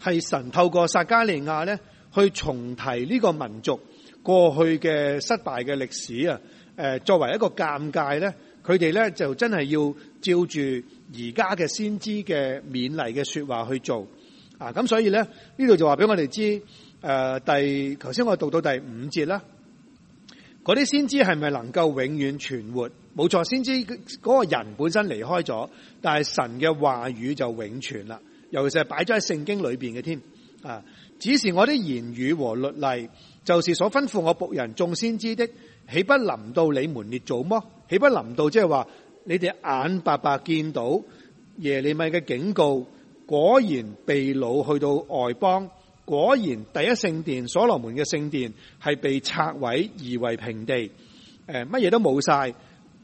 Speaker 1: 係神透過撒迦利亞咧去重提呢個民族過去嘅失敗嘅歷史啊。誒，作為一個尷尬咧，佢哋咧就真係要照住而家嘅先知嘅勉勵嘅說話去做。啊，咁所以咧呢度就話俾我哋知。誒、呃，第頭先我讀到第五節啦，嗰啲先知係咪能夠永遠存活？冇錯，先知嗰個人本身離開咗，但係神嘅話語就永存啦。尤其是係擺咗喺聖經裏邊嘅添啊。只是我啲言語和律例，就是所吩咐我僕人眾先知的，豈不臨到你們列祖麼？豈不臨到即係話你哋眼白白見到耶利米嘅警告，果然被擄去到外邦。果然，第一聖殿所羅門嘅聖殿係被拆毀夷為平地，誒、呃，乜嘢都冇晒。誒、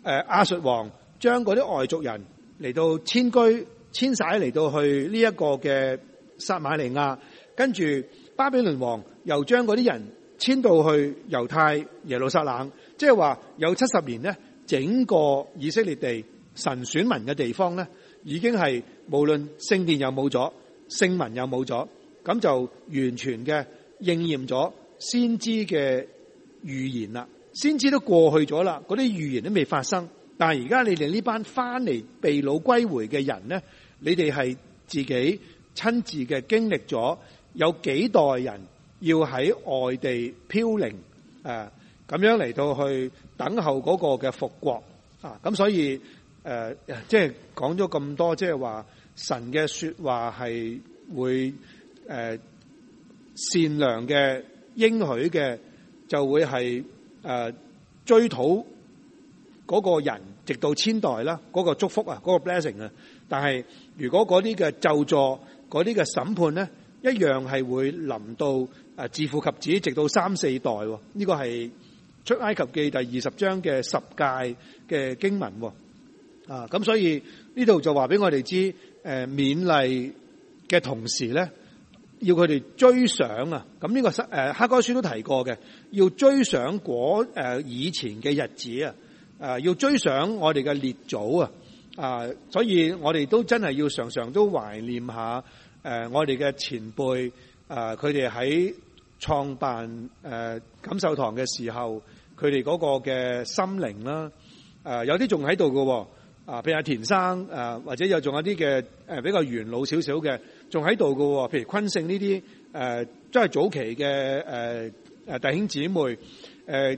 Speaker 1: 呃，亞述王將嗰啲外族人嚟到遷居遷徙嚟到去呢一個嘅撒瑪利亞，跟住巴比倫王又將嗰啲人遷到去猶太耶路撒冷，即係話有七十年咧，整個以色列地神選民嘅地方咧，已經係無論聖殿有冇咗，聖民有冇咗。咁就完全嘅應驗咗先知嘅預言啦，先知都過去咗啦，嗰啲預言都未發生。但係而家你哋呢班翻嚟被擄歸回嘅人呢？你哋係自己親自嘅經歷咗，有幾代人要喺外地飄零，誒、啊，咁樣嚟到去等候嗰個嘅復國啊！咁所以誒、啊，即係講咗咁多，即係話神嘅說話係會。誒，善良嘅應許嘅就會係誒、呃、追討嗰個人，直到千代啦，嗰、那個祝福啊，嗰、那個 blessing 啊。但係如果嗰啲嘅咒詛，嗰啲嘅審判咧，一樣係會臨到誒自父及子，直到三四代。呢、哦這個係出埃及記第二十章嘅十誡嘅經文。啊、哦，咁所以呢度就話俾我哋知道，誒、呃，勉勵嘅同時咧。要佢哋追想啊，咁、這、呢個《黑黑哥書》都提過嘅，要追想嗰以前嘅日子啊，誒要追想我哋嘅列祖啊，啊，所以我哋都真係要常常都懷念一下誒我哋嘅前輩啊，佢哋喺創辦誒錦繡堂嘅時候，佢哋嗰個嘅心靈啦，誒有啲仲喺度嘅喎，啊，譬如阿田生啊，或者還有仲有啲嘅誒比較元老少少嘅。仲喺度噶，譬如坤聖呢啲，誒、呃，都係早期嘅，誒，誒，弟兄姊妹，誒、呃，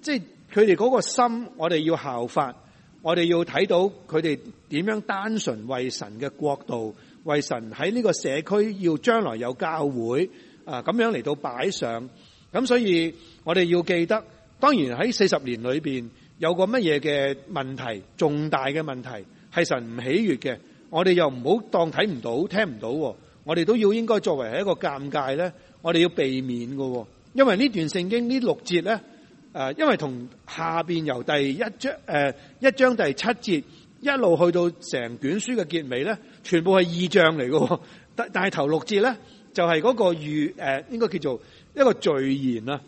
Speaker 1: 即係佢哋嗰個心，我哋要效法，我哋要睇到佢哋點樣單純為神嘅國度，為神喺呢個社區要將來有教會，啊、呃，咁樣嚟到擺上，咁所以我哋要記得，當然喺四十年裏邊有個乜嘢嘅問題，重大嘅問題係神唔喜悅嘅。我哋又唔好當睇唔到、聽唔到，我哋都要應該作為一個尷尬咧，我哋要避免喎！因為呢段聖經呢六節咧，誒，因為同下邊由第一章誒一章第七節一路去到成卷書嘅結尾咧，全部係異象嚟嘅。但大頭六節咧，就係嗰個預誒，應該叫做一個序言啦。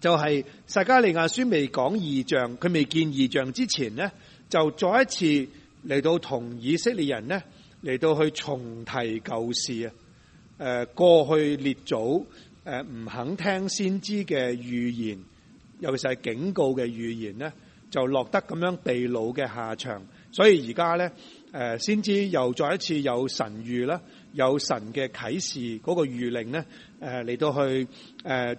Speaker 1: 就係、是、撒迦利亞書未講異象，佢未見異象之前咧，就再一次。嚟到同以色列人咧，嚟到去重提舊事啊！誒、呃，過去列祖誒唔、呃、肯聽先知嘅預言，尤其係警告嘅預言咧，就落得咁樣被擄嘅下場。所以而家咧，誒、呃、先知又再一次有神諭啦，有神嘅啟示嗰、那個諭令咧，誒、呃、嚟到去誒、呃，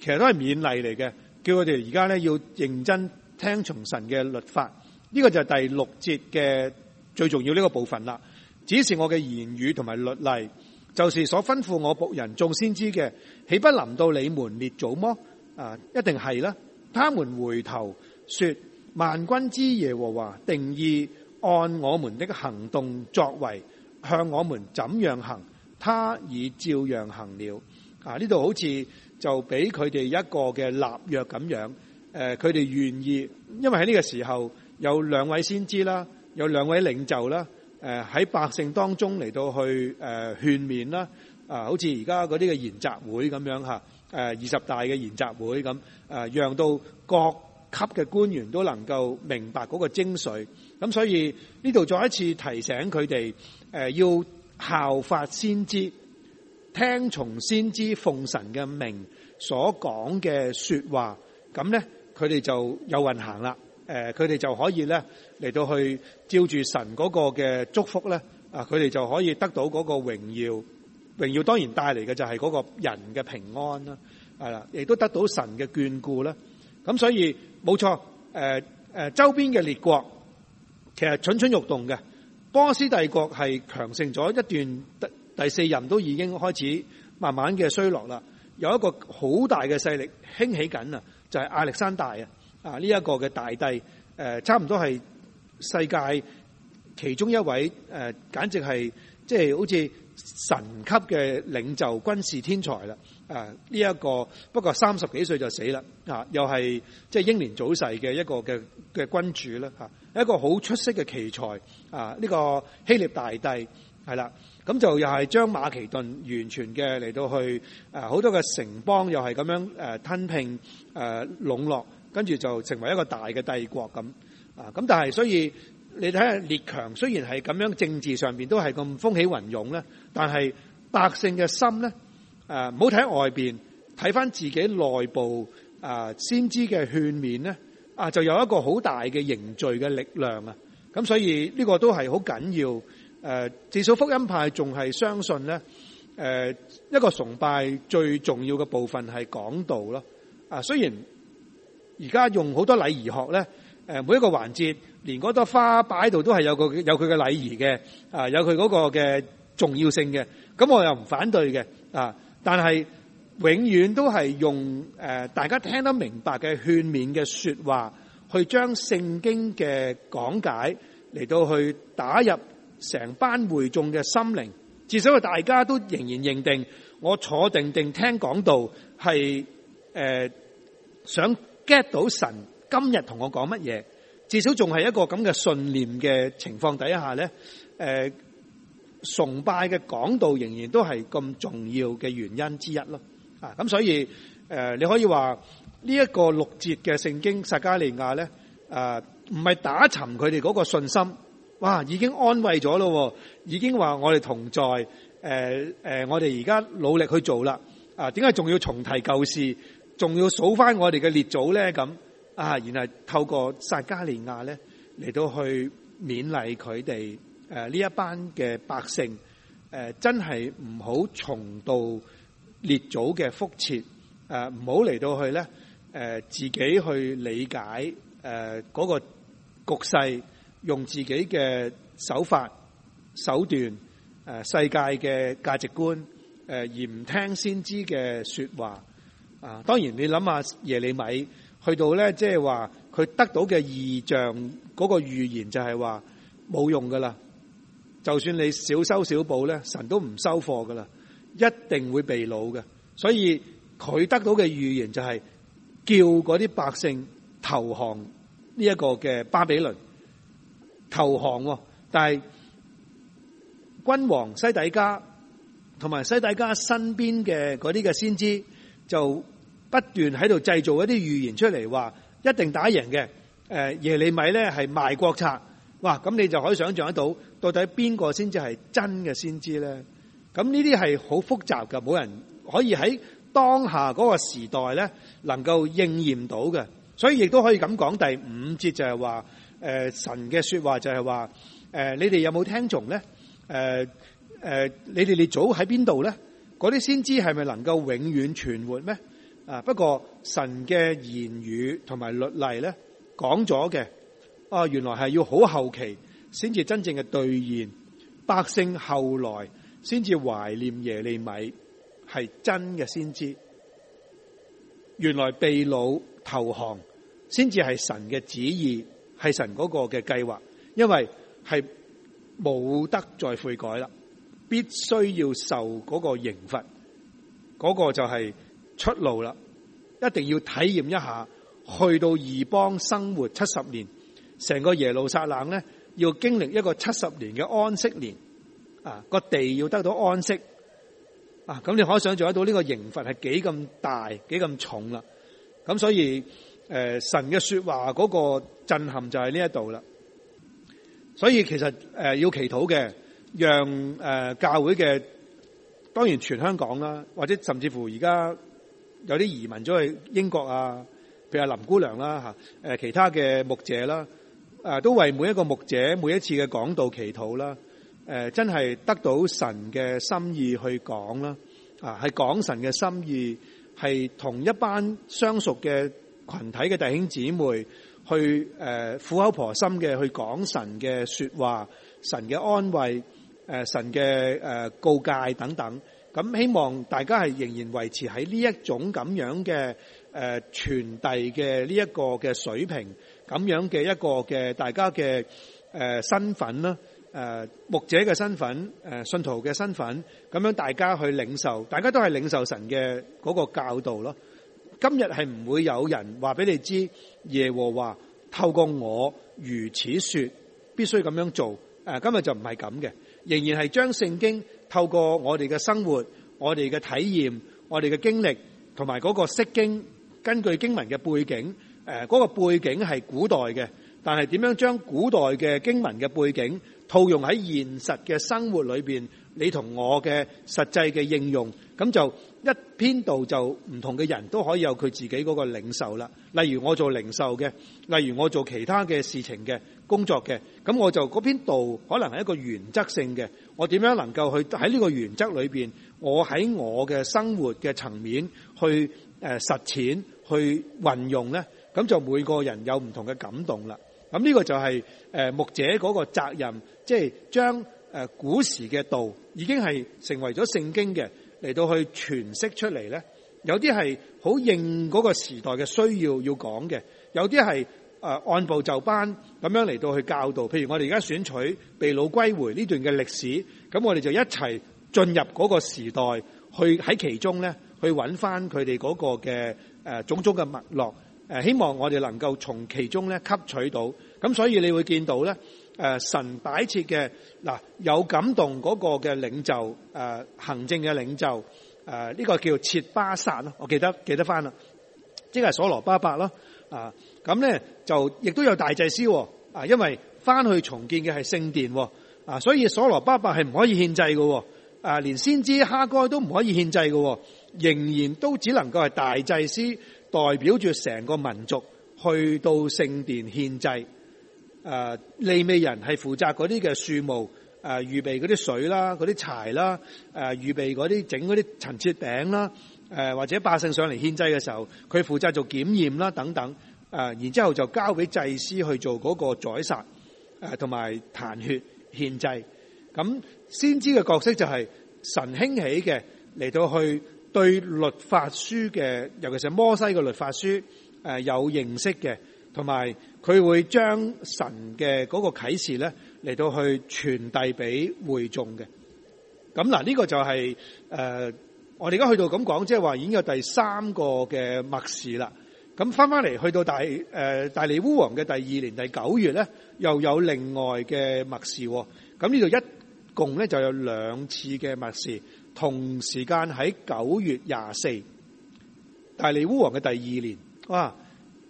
Speaker 1: 其實都係勉勵嚟嘅，叫我哋而家咧要認真聽從神嘅律法。呢、這個就係第六節嘅最重要呢個部分啦。只是我嘅言語同埋律例，就是所吩咐我僕人眾先知嘅，豈不臨到你們列祖麼？啊，一定係啦。他們回頭說：萬軍之耶和華定義按我們的行動作為，向我們怎樣行，他已照樣行了。啊，呢度好似就俾佢哋一個嘅立約咁樣。誒、呃，佢哋願意，因為喺呢個時候。有兩位先知啦，有兩位領袖啦，喺、呃、百姓當中嚟到去誒勸勉啦，啊、呃呃，好似而家嗰啲嘅研習會咁樣、呃、二十大嘅研習會咁、呃，讓到各級嘅官員都能夠明白嗰個精髓，咁所以呢度再一次提醒佢哋、呃、要效法先知，聽從先知奉神嘅命所講嘅說話，咁呢佢哋就有運行啦。誒、呃，佢哋就可以咧嚟到去照住神嗰個嘅祝福咧，啊，佢哋就可以得到嗰個榮耀，榮耀當然帶嚟嘅就係嗰個人嘅平安啦，係、啊、啦，亦都得到神嘅眷顧啦。咁所以冇錯，誒、呃、誒、呃，周邊嘅列國其實蠢蠢欲動嘅，波斯帝國係強盛咗一段，第第四任都已經開始慢慢嘅衰落啦。有一個好大嘅勢力興起緊啊，就係、是、亞歷山大啊。啊！呢一個嘅大帝，誒、呃、差唔多係世界其中一位，誒、呃、簡直係即係好似神級嘅領袖、軍事天才啦！啊，呢一個不過三十幾歲就死啦，啊又係即係英年早逝嘅一個嘅嘅君主啦、啊，一個好出色嘅奇才啊！呢、呢個希臘大帝係啦，咁就又係將馬其頓完全嘅嚟到去誒好、啊、多嘅城邦又係咁樣誒、啊、吞併誒籠絡。啊跟住就成為一個大嘅帝國咁，啊咁但係所以你睇下列強雖然係咁樣政治上面都係咁風起雲湧咧，但係百姓嘅心咧，誒唔好睇外邊，睇翻自己內部、啊、先知嘅勸勉咧，啊就有一個好大嘅凝聚嘅力量啊，咁所以呢個都係好緊要誒、啊。至少福音派仲係相信咧、啊，一個崇拜最重要嘅部分係講道咯，啊雖然。而家用好多禮儀學咧，誒，每一個環節連嗰朵花擺喺度都係有個有佢嘅禮儀嘅，啊有佢嗰個嘅重要性嘅。咁我又唔反對嘅啊，但係永遠都係用誒大家聽得明白嘅勸勉嘅說話去將聖經嘅講解嚟到去打入成班會眾嘅心靈，至少個大家都仍然認定我坐定定聽講道係誒、呃、想。get 到神今日同我講乜嘢，至少仲係一個咁嘅信念嘅情況底下咧，誒、呃，崇拜嘅講道仍然都係咁重要嘅原因之一咯，啊，咁所以誒、呃，你可以話呢一個六節嘅聖經撒迦利亞咧，誒、呃，唔係打沉佢哋嗰個信心，哇，已經安慰咗咯，已經話我哋同在，誒、呃、誒、呃，我哋而家努力去做啦，啊，點解仲要重提舊事？仲要數翻我哋嘅列祖咧，咁啊，然後透過撒迦利亞咧，嚟到去勉勵佢哋誒呢一班嘅百姓誒、呃，真係唔好重蹈列祖嘅覆轍誒，唔好嚟到去咧誒、呃、自己去理解誒嗰、呃那個局勢，用自己嘅手法手段誒、呃、世界嘅價值觀誒、呃，而唔聽先知嘅說話。啊，當然你諗下耶利米去到咧，即係話佢得到嘅異象嗰、那個預言就係話冇用噶啦，就算你小修小補咧，神都唔收貨噶啦，一定會被擄嘅。所以佢得到嘅預言就係、是、叫嗰啲百姓投降呢一、這個嘅巴比倫投降喎、哦。但係君王西底家同埋西底家身邊嘅嗰啲嘅先知，就不斷喺度製造一啲預言出嚟，話一定打贏嘅。誒耶利米咧係賣國賊。哇！咁你就可以想像得到，到底邊個先至係真嘅先知咧？咁呢啲係好複雜嘅，冇人可以喺當下嗰個時代咧能夠應驗到嘅。所以亦都可以咁講，第五節就係話，誒、呃、神嘅說話就係話，誒、呃、你哋有冇聽從咧？誒、呃呃、你哋列祖喺邊度咧？嗰啲先知係咪能夠永遠存活咩？啊，不過神嘅言語同埋律例咧，講咗嘅，哦，原來係要好後期先至真正嘅兌現，百姓後來先至懷念耶利米，係真嘅先知，原來被擄投降先至係神嘅旨意，係神嗰個嘅計劃，因為係冇得再悔改啦。必須要受嗰個刑罰，嗰、那個就係出路啦。一定要體驗一下，去到異邦生活七十年，成個耶路撒冷咧，要經歷一個七十年嘅安息年，啊，個地要得到安息。啊，咁你可想象到呢個刑罰係幾咁大，幾咁重啦。咁所以，誒、呃，神嘅說話嗰個震撼就係呢一度啦。所以其實，誒、呃，要祈禱嘅。讓誒教會嘅，當然全香港啦，或者甚至乎而家有啲移民咗去英國啊，譬如林姑娘啦吓，誒其他嘅牧者啦，誒都為每一個牧者每一次嘅講道祈禱啦，誒真係得到神嘅心意去講啦，啊係講神嘅心意，係同一班相熟嘅群體嘅弟兄姊妹去誒苦口婆心嘅去講神嘅說話，神嘅安慰。誒，神嘅誒告誡等等，咁希望大家係仍然維持喺呢一種咁樣嘅誒傳遞嘅呢一個嘅水平，咁樣嘅一個嘅大家嘅誒身份啦，誒牧者嘅身份，誒信徒嘅身份，咁樣大家去領受，大家都係領受神嘅嗰個教導咯。今日係唔會有人話俾你知，耶和華透過我如此說，必須咁樣做。誒，今日就唔係咁嘅。仍然係將聖經透過我哋嘅生活、我哋嘅體驗、我哋嘅經歷同埋嗰個釋經，根據經文嘅背景，誒嗰個背景係古代嘅，但係點樣將古代嘅經文嘅背景套用喺現實嘅生活裏邊？你同我嘅實際嘅應用，咁就一篇道就唔同嘅人都可以有佢自己嗰個領受啦。例如我做零售嘅，例如我做其他嘅事情嘅。工作嘅，咁我就嗰篇道可能係一個原則性嘅，我點樣能夠去喺呢個原則裏邊，我喺我嘅生活嘅層面去誒、呃、實踐，去運用咧，咁就每個人有唔同嘅感動啦。咁呢個就係、是、誒、呃、牧者嗰個責任，即係將誒古時嘅道已經係成為咗聖經嘅嚟，到去詮釋出嚟咧。有啲係好應嗰個時代嘅需要要講嘅，有啲係。誒按部就班咁樣嚟到去教導，譬如我哋而家選取被擄歸回呢段嘅歷史，咁我哋就一齊進入嗰個時代，去喺其中咧去搵翻佢哋嗰個嘅誒、呃、種種嘅脈絡、呃，希望我哋能夠從其中咧吸取到，咁所以你會見到咧誒、呃、神擺設嘅嗱有感動嗰個嘅領袖誒、呃、行政嘅領袖誒呢、呃這個叫切巴撒啦，我記得記得翻啦，即係所羅巴伯啦啊。呃咁咧就亦都有大祭司啊，因為翻去重建嘅係聖殿啊，所以所羅巴伯係唔可以獻祭嘅，啊連先知哈該都唔可以獻祭嘅，仍然都只能夠係大祭司代表住成個民族去到聖殿獻祭。啊利未人係負責嗰啲嘅樹木，預備嗰啲水啦、嗰啲柴啦，誒預備嗰啲整嗰啲陳設餅啦，誒或者百姓上嚟獻祭嘅時候，佢負責做檢驗啦等等。誒，然之後就交俾祭司去做嗰個宰殺，誒，同埋彈血獻祭。咁先知嘅角色就係神興起嘅嚟，到去對律法書嘅，尤其是摩西嘅律法書，誒，有認識嘅，同埋佢會將神嘅嗰個啟示咧嚟，到去傳遞俾會眾嘅。咁嗱，呢個就係、是、誒、呃，我哋而家去到咁講，即係話已經有第三個嘅默示啦。咁翻翻嚟去到大誒大利烏王嘅第二年第九月咧，又有另外嘅默示。咁呢度一共咧就有兩次嘅默示，同時間喺九月廿四，大利烏王嘅第二年。哇！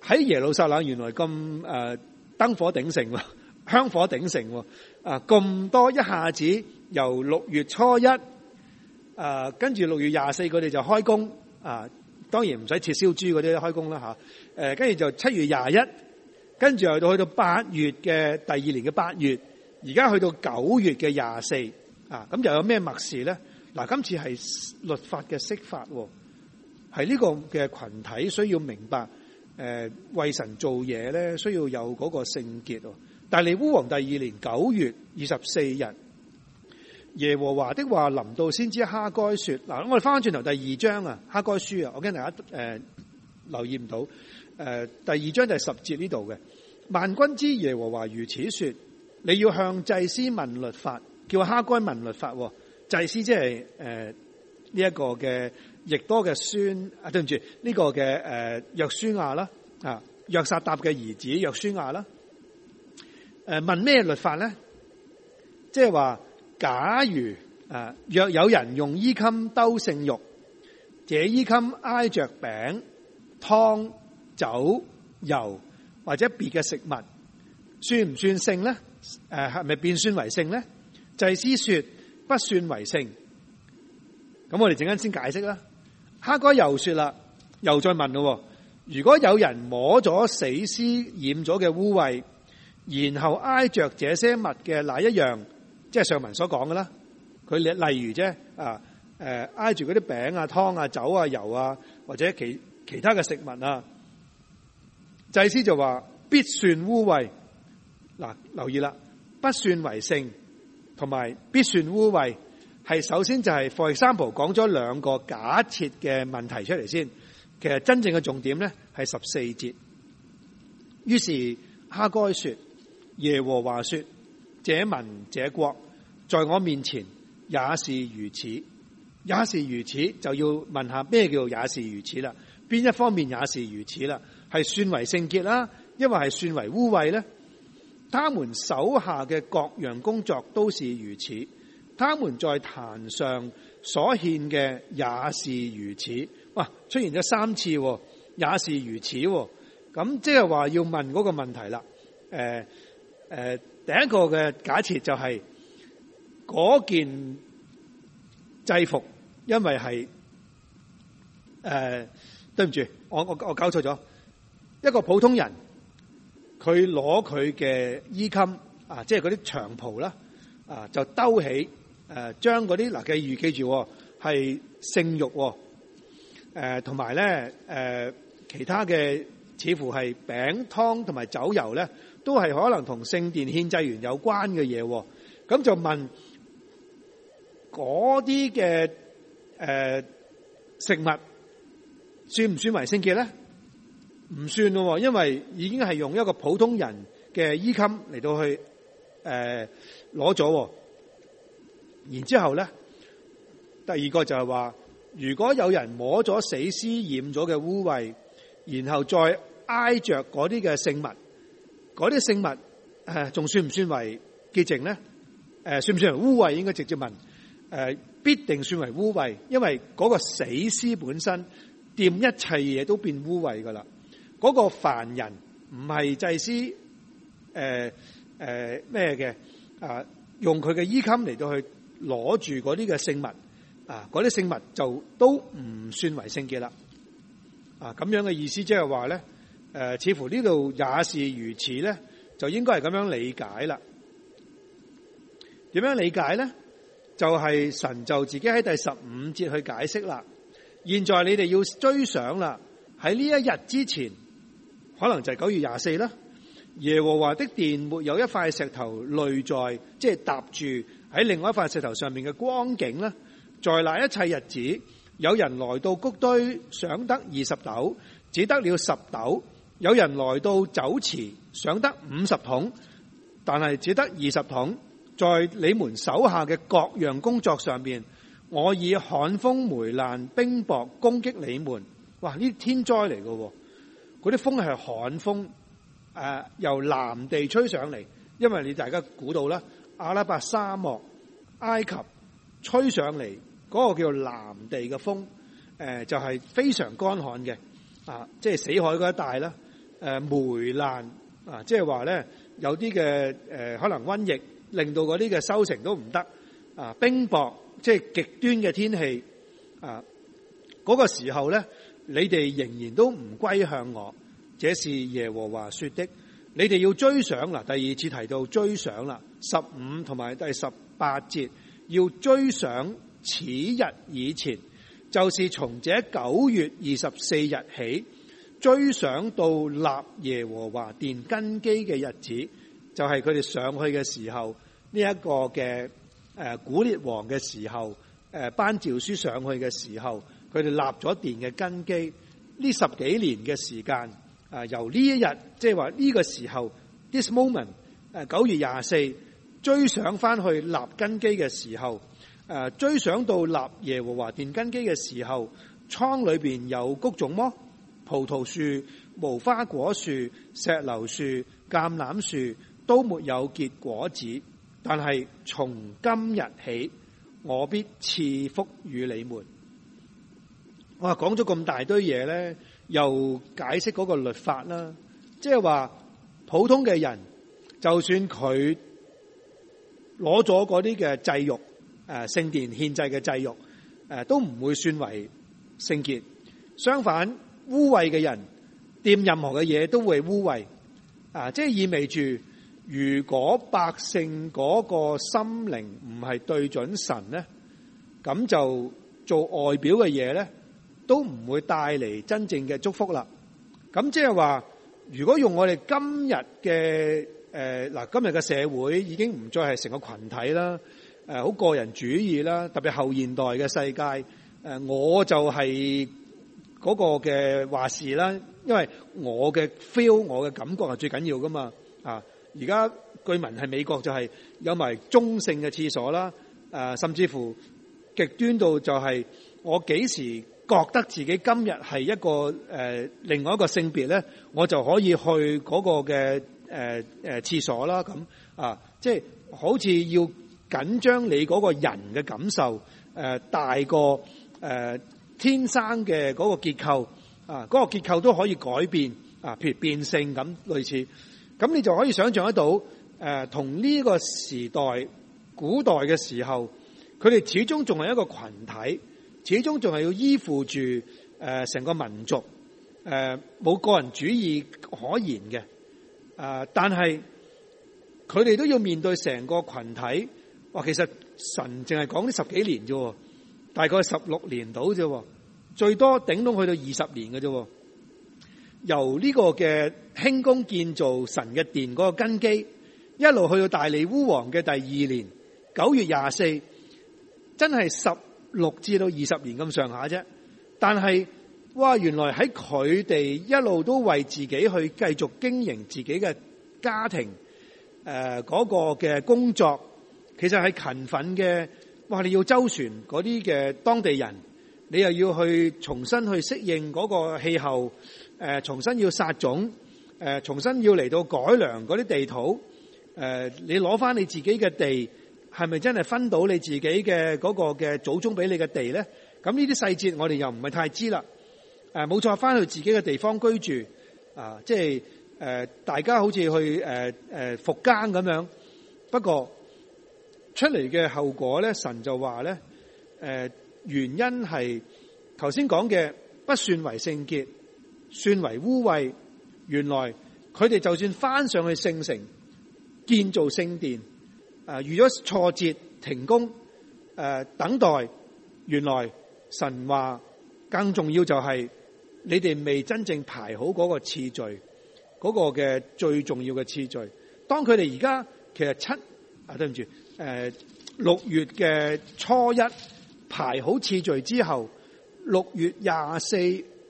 Speaker 1: 喺耶路撒冷原來咁誒燈火鼎盛，香火鼎盛。啊，咁多一下子由六月初一誒，跟住六月廿四，佢哋就開工啊！當然唔使切燒豬嗰啲開工啦吓，誒，跟住就七月廿一，跟住又到去到八月嘅第二年嘅八月，而家去到九月嘅廿四，啊，咁又有咩默示咧？嗱，今次係律法嘅釋法，係呢個嘅群體需要明白，誒、呃，為神做嘢咧，需要有嗰個聖潔。大利烏王第二年九月二十四日。耶和華的話臨到先知哈該說：，嗱，我哋翻轉頭第二章啊，哈該書啊，我驚大家誒留意唔到，誒，第二章就係十節呢度嘅，萬軍之耶和華如此說：，你要向祭司問律法，叫哈該問律法。祭司即係誒呢一個嘅，亦多嘅孫啊，對唔住，呢個嘅誒約書亞啦啊，約薩答嘅兒子約書亞啦，誒問咩律法咧？即係話。假如啊，若有人用衣襟兜聖肉，這衣襟挨着餅、湯、酒、油或者別嘅食物，算唔算聖咧？誒，係咪變算為聖咧？祭司說不算為聖。咁我哋陣間先解釋啦。哈該又說啦，又再問咯。如果有人摸咗死屍染咗嘅污穢，然後挨着這些物嘅那一樣？即係上文所講嘅啦，佢例例如啫，啊，誒挨住嗰啲餅啊、湯啊、酒啊、油啊，或者其其他嘅食物啊，祭司就話必算污穢，嗱、啊，留意啦，不算為聖，同埋必算污穢，係首先就係、是《佛義三步》講咗兩個假設嘅問題出嚟先，其實真正嘅重點咧係十四節。於是哈該說，耶和華說。這民這國在我面前也是如此，也是如此，就要問下咩叫做也是如此啦？邊一方面也是如此啦？係算為聖潔啦？因為係算為污穢咧？他們手下嘅各樣工作都是如此，他們在壇上所獻嘅也是如此。哇！出現咗三次，也是如此。咁即係話要問嗰個問題啦。誒、呃、誒。呃第一個嘅假設就係、是、嗰件制服，因為係誒、呃，對唔住，我我我搞錯咗，一個普通人佢攞佢嘅衣襟啊，即係嗰啲長袍啦，啊，就兜起誒，將嗰啲嗱，記預記住係性欲誒，同埋咧誒，其他嘅似乎係餅湯同埋酒油咧。都係可能同聖殿獻祭員有關嘅嘢、哦，咁就問嗰啲嘅誒食物算唔算為聖潔咧？唔算咯，因為已經係用一個普通人嘅衣襟嚟到去誒攞咗，然之後咧第二個就係話，如果有人摸咗死屍染咗嘅污穢，然後再挨着嗰啲嘅聖物。嗰啲聖物，誒、呃，仲算唔算為潔淨咧？誒、呃，算唔算為污穢？應該直接問，誒、呃，必定算為污穢，因為嗰個死屍本身掂一切嘢都變污穢噶啦。嗰個凡人唔係祭司，誒誒咩嘅啊？用佢嘅衣襟嚟到去攞住嗰啲嘅聖物，啊、呃，嗰啲聖物就都唔算為聖潔啦。啊、呃，咁樣嘅意思即係話咧。誒、呃，似乎呢度也是如此咧，就應該係咁樣理解啦。點樣理解咧？就係、是、神就自己喺第十五節去解釋啦。現在你哋要追想啦，喺呢一日之前，可能就係九月廿四啦。耶和華的殿沒有一塊石頭累在，即係搭住喺另外一塊石頭上面嘅光景啦。在那一切日子，有人來到谷堆，想得二十斗，只得了十斗。有人來到酒池，想得五十桶，但係只得二十桶。在你們手下嘅各樣工作上面，我以旱風、霉爛、冰雹攻擊你們。哇！呢啲天災嚟嘅喎，嗰啲風係旱風，呃、由南地吹上嚟，因為你大家估到啦，阿拉伯沙漠、埃及吹上嚟嗰、那個叫南地嘅風，呃、就係、是、非常乾旱嘅，啊、呃，即係死海嗰一帶啦。誒霉爛，啊！即係話咧，有啲嘅誒可能瘟疫，令到嗰啲嘅收成都唔得啊！冰雹，即係極端嘅天氣啊！嗰個時候咧，你哋仍然都唔歸向我，這是耶和華說的。你哋要追上啦！第二次提到追上啦，十五同埋第十八節要追上此日以前，就是從這九月二十四日起。追想到立耶和華殿根基嘅日子，就係佢哋上去嘅時候，呢、這、一個嘅誒古列王嘅時候，誒頒詔書上去嘅時候，佢哋立咗殿嘅根基。呢十幾年嘅時間，由呢一日，即係話呢個時候，this moment，誒九月廿四，追想翻去立根基嘅時候，誒追想到立耶和華殿根基嘅時候，倉裏邊有谷種麼？葡萄樹、無花果樹、石榴樹、橄欖樹都沒有結果子，但係從今日起，我必賜福與你們。我話講咗咁大堆嘢咧，又解釋嗰個律法啦，即係話普通嘅人，就算佢攞咗嗰啲嘅祭肉，誒聖殿獻祭嘅祭肉，誒都唔會算為聖潔，相反，污穢嘅人掂任何嘅嘢，都會污穢。啊！即係意味住，如果百姓嗰個心靈唔係對準神咧，咁就做外表嘅嘢咧，都唔會帶嚟真正嘅祝福啦。咁即係話，如果用我哋今日嘅、誒嗱，今日嘅社會已經唔再係成個群體啦，誒好個人主義啦，特別後現代嘅世界，誒我就係。嗰、那個嘅話事啦，因為我嘅 feel，我嘅感覺係最緊要噶嘛。啊，而家據聞係美國就係有埋中性嘅廁所啦，啊，甚至乎極端到就係我幾時覺得自己今日係一個、呃、另外一個性別咧，我就可以去嗰個嘅、呃呃、廁所啦。咁啊，啊，即係好似要緊張你嗰個人嘅感受、呃、大過、呃天生嘅個結構啊，嗰個結構都可以改變啊，譬如變性咁類似，咁你就可以想象得到，誒、呃，同呢個時代古代嘅時候，佢哋始終仲係一個群體，始終仲係要依附住誒成個民族，誒、呃、冇個人主義可言嘅，誒、呃，但係佢哋都要面對成個群體。哇、呃，其實神淨係講呢十幾年啫。大概十六年到啫，最多頂多去到二十年嘅啫。由呢個嘅興工建造神嘅殿嗰個根基，一路去到大利烏王嘅第二年九月廿四，真係十六至到二十年咁上下啫。但係，哇！原來喺佢哋一路都為自己去繼續經營自己嘅家庭，誒、呃，嗰、嗰個嘅工作，其實係勤奮嘅。我哋要周旋嗰啲嘅當地人，你又要去重新去適應嗰個氣候、呃，重新要撒種、呃，重新要嚟到改良嗰啲地土，呃、你攞翻你自己嘅地，係咪真係分到你自己嘅嗰個嘅祖宗俾你嘅地咧？咁呢啲細節我哋又唔係太知啦。呃、冇錯，翻去自己嘅地方居住，啊、呃，即係、呃、大家好似去伏誒復耕咁樣，不過。出嚟嘅後果咧，神就話咧，誒、呃，原因係頭先講嘅，不算為聖潔，算為污穢。原來佢哋就算翻上去聖城建造聖殿，誒、啊，遇咗挫折停工，誒、啊，等待。原來神話更重要就係、是、你哋未真正排好嗰個次序，嗰、那個嘅最重要嘅次序。當佢哋而家其實七啊，對唔住。誒，六月嘅初一排好次序之後，六月廿四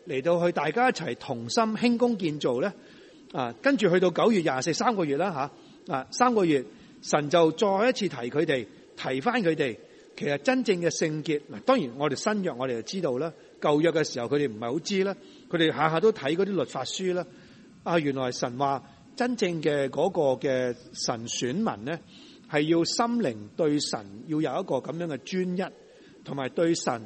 Speaker 1: 嚟到去大家一齊同心興工建造咧，啊，跟住去到九月廿四三個月啦吓，啊，三個月,三個月神就再一次提佢哋，提翻佢哋，其實真正嘅聖潔嗱，當然我哋新約我哋就知道啦，舊約嘅時候佢哋唔係好知啦，佢哋下下都睇嗰啲律法書啦，啊，原來神話真正嘅嗰個嘅神選民咧。係要心靈對神要有一個咁樣嘅專一，同埋對神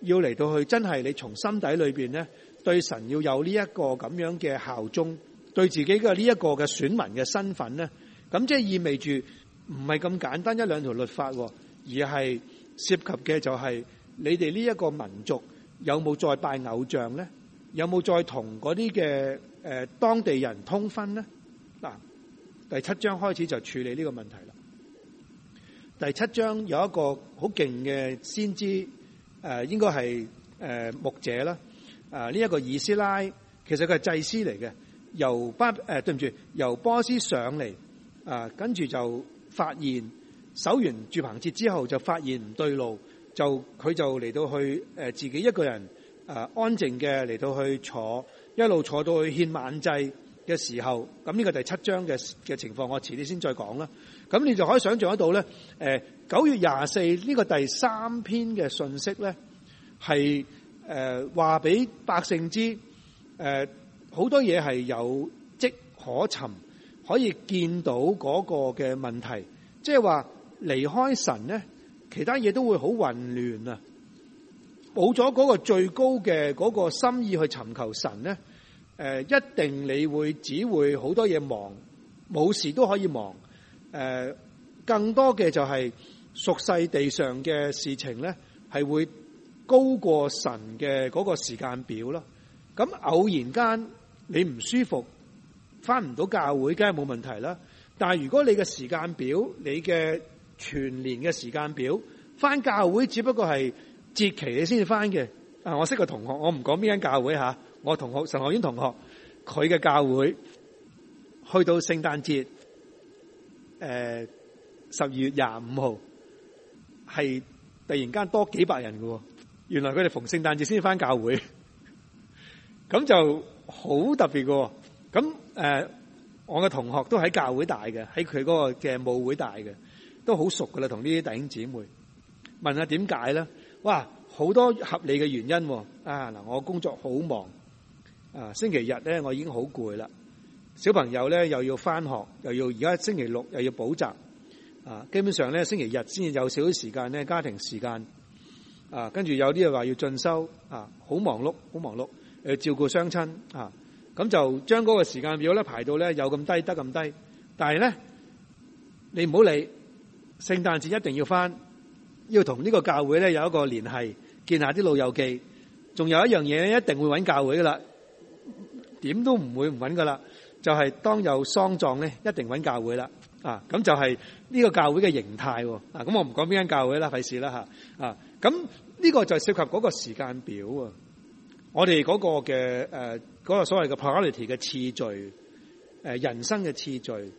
Speaker 1: 要嚟到去真係你從心底裏面咧，對神要有呢一個咁樣嘅效忠，對自己嘅呢一個嘅選民嘅身份咧，咁即係意味住唔係咁簡單一兩條律法，而係涉及嘅就係你哋呢一個民族有冇再拜偶像咧，有冇再同嗰啲嘅誒當地人通婚咧？嗱、啊，第七章開始就處理呢個問題。第七章有一個好勁嘅先知，誒、呃、應該係誒、呃、牧者啦。誒呢一個以斯拉其實佢係祭司嚟嘅，由巴、呃、對唔住，由波斯上嚟。誒跟住就發現守完住棚節之後就發現唔對路，就佢就嚟到去、呃、自己一個人誒、呃、安靜嘅嚟到去坐，一路坐到去獻晚祭嘅時候，咁、嗯、呢、這個第七章嘅嘅情況，我遲啲先再講啦。咁你就可以想象得到咧，誒九月廿四呢個第三篇嘅信息咧，係誒話俾百姓知，誒、呃、好多嘢係有迹可尋，可以見到嗰個嘅問題，即係話離開神咧，其他嘢都會好混亂啊！冇咗嗰個最高嘅嗰個心意去尋求神咧，誒、呃、一定你會只會好多嘢忙，冇事都可以忙。誒、呃，更多嘅就係俗世地上嘅事情咧，係會高過神嘅嗰個時間表咯。咁偶然間你唔舒服，翻唔到教會，梗係冇問題啦。但係如果你嘅時間表，你嘅全年嘅時間表，翻教會只不過係節期你先至翻嘅。啊，我識個同學，我唔講邊間教會吓，我同學陳學英同學，佢嘅教會去到聖誕節。誒，十二月廿五號係突然間多幾百人嘅，原來佢哋逢聖誕節先翻教會，咁就好特別嘅。咁誒，我嘅同學都喺教會大嘅，喺佢嗰個嘅舞會大嘅，都好熟嘅啦。同呢啲弟兄姊妹問下點解咧？哇，好多合理嘅原因。啊，嗱，我工作好忙，啊，星期日咧我已經好攰啦。小朋友咧又要翻學，又要而家星期六又要補習，啊，基本上咧星期日先有少少時間咧家庭時間，啊，跟住有啲又話要進修，啊，好忙碌，好忙碌，誒照顧雙親，啊，咁就將嗰個時間表咧排到咧有咁低得咁低，但係咧你唔好理，聖誕節一定要翻，要同呢個教會咧有一個聯繫，見下啲老友記，仲有一樣嘢咧一定會揾教會噶啦，點都唔會唔揾噶啦。就係、是、當有喪葬咧，一定揾教會啦。啊，咁就係呢個教會嘅形態。啊，咁我唔講邊間教會啦，費事啦嚇。啊，咁呢個就涉及嗰個時間表啊。我哋嗰個嘅嗰、呃嗰個所謂嘅 priority 嘅次序，呃、人生嘅次序，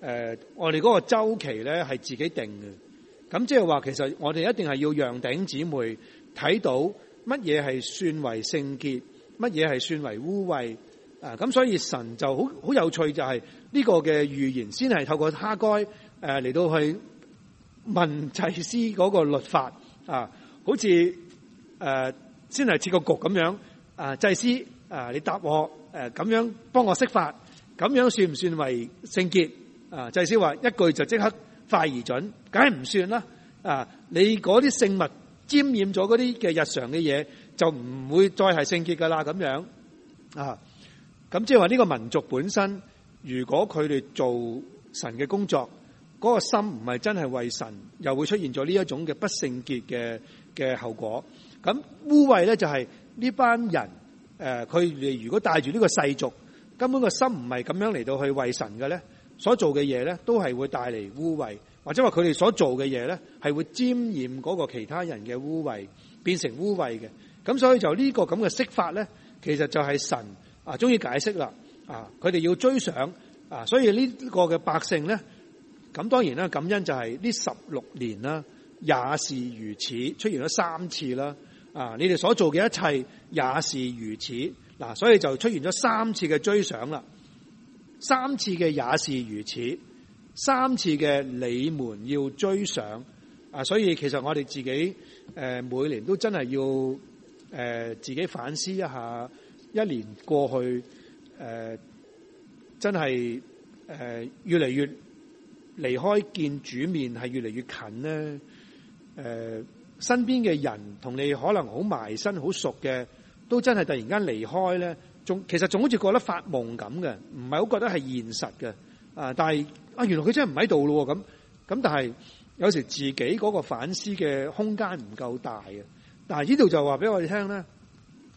Speaker 1: 呃、我哋嗰個週期咧係自己定嘅。咁即係話，其實我哋一定係要讓頂姊妹睇到乜嘢係算為聖潔，乜嘢係算為污穢。啊！咁所以神就好好有趣、就是，就係呢個嘅預言，先係透過哈該誒嚟、啊、到去問祭司嗰個律法啊，好似誒、啊、先係設個局咁樣啊，祭司啊你答我誒咁、啊、樣幫我釋法，咁樣算唔算為聖潔啊？祭司話一句就即刻快而準，梗係唔算啦！啊，你嗰啲聖物沾染咗嗰啲嘅日常嘅嘢，就唔會再係聖潔噶啦，咁樣啊。咁即係話呢個民族本身，如果佢哋做神嘅工作，嗰個心唔係真係為神，又會出現咗呢一種嘅不聖潔嘅嘅後果。咁污穢咧就係呢班人，誒佢哋如果帶住呢個世俗，根本個心唔係咁樣嚟到去為神嘅咧，所做嘅嘢咧都係會帶嚟污穢，或者話佢哋所做嘅嘢咧係會沾染嗰個其他人嘅污穢，變成污穢嘅。咁所以就呢個咁嘅釋法咧，其實就係神。啊，終於解釋啦！啊，佢哋要追上啊，所以呢個嘅百姓咧，咁當然啦，感恩就係呢十六年啦，也是如此出現咗三次啦。啊，你哋所做嘅一切也是如此。嗱、啊，所以就出現咗三次嘅追上啦，三次嘅也是如此，三次嘅你們要追上啊。所以其實我哋自己誒、呃、每年都真係要誒、呃、自己反思一下。一年過去，誒、呃、真係誒、呃、越嚟越離開見主面，係越嚟越近咧。誒、呃、身邊嘅人同你可能好埋身、好熟嘅，都真係突然間離開咧。仲其實仲好似覺得發夢咁嘅，唔係好覺得係現實嘅。啊，但係啊，原來佢真係唔喺度咯咁。咁但係有時自己嗰個反思嘅空間唔夠大。但係呢度就話俾我哋聽咧。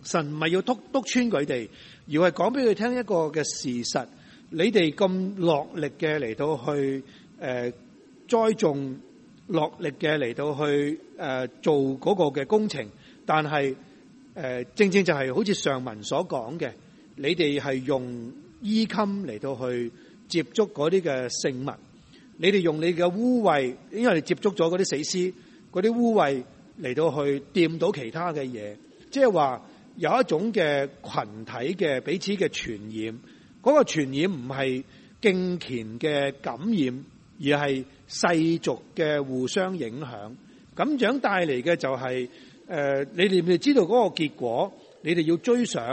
Speaker 1: 神唔係要篤篤穿佢哋，而係講俾佢聽一個嘅事實：你哋咁落力嘅嚟到去誒栽種，落力嘅嚟到去誒做嗰個嘅工程，但係誒正正就係好似上文所講嘅，你哋係用衣襟嚟到去接觸嗰啲嘅聖物，你哋用你嘅污穢，因為你接觸咗嗰啲死屍，嗰啲污穢嚟到去掂到其他嘅嘢，即係話。有一種嘅群體嘅彼此嘅傳染，個傳染唔係敬虔嘅感染，而係世俗嘅互相影響。咁樣帶嚟嘅就係，誒，你哋唔知道嗰個結果，你哋要追想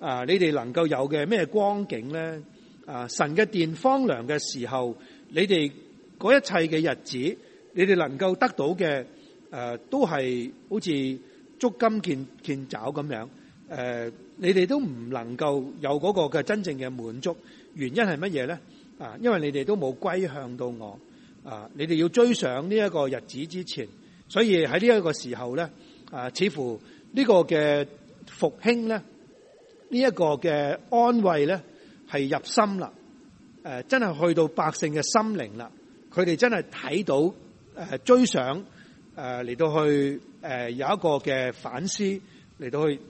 Speaker 1: 啊，你哋能夠有嘅咩光景咧？啊，神嘅殿荒涼嘅時候，你哋一切嘅日子，你哋能夠得到嘅誒，都係好似捉襟見肘咁樣。誒、呃，你哋都唔能夠有嗰個嘅真正嘅滿足，原因係乜嘢咧？啊，因為你哋都冇歸向到我，啊，你哋要追上呢一個日子之前，所以喺呢一個時候咧，啊，似乎呢個嘅復興咧，呢、這、一個嘅安慰咧，係入心啦。誒、啊，真係去到百姓嘅心靈啦，佢哋真係睇到誒、啊、追上誒嚟、啊、到去誒、啊、有一個嘅反思嚟到去。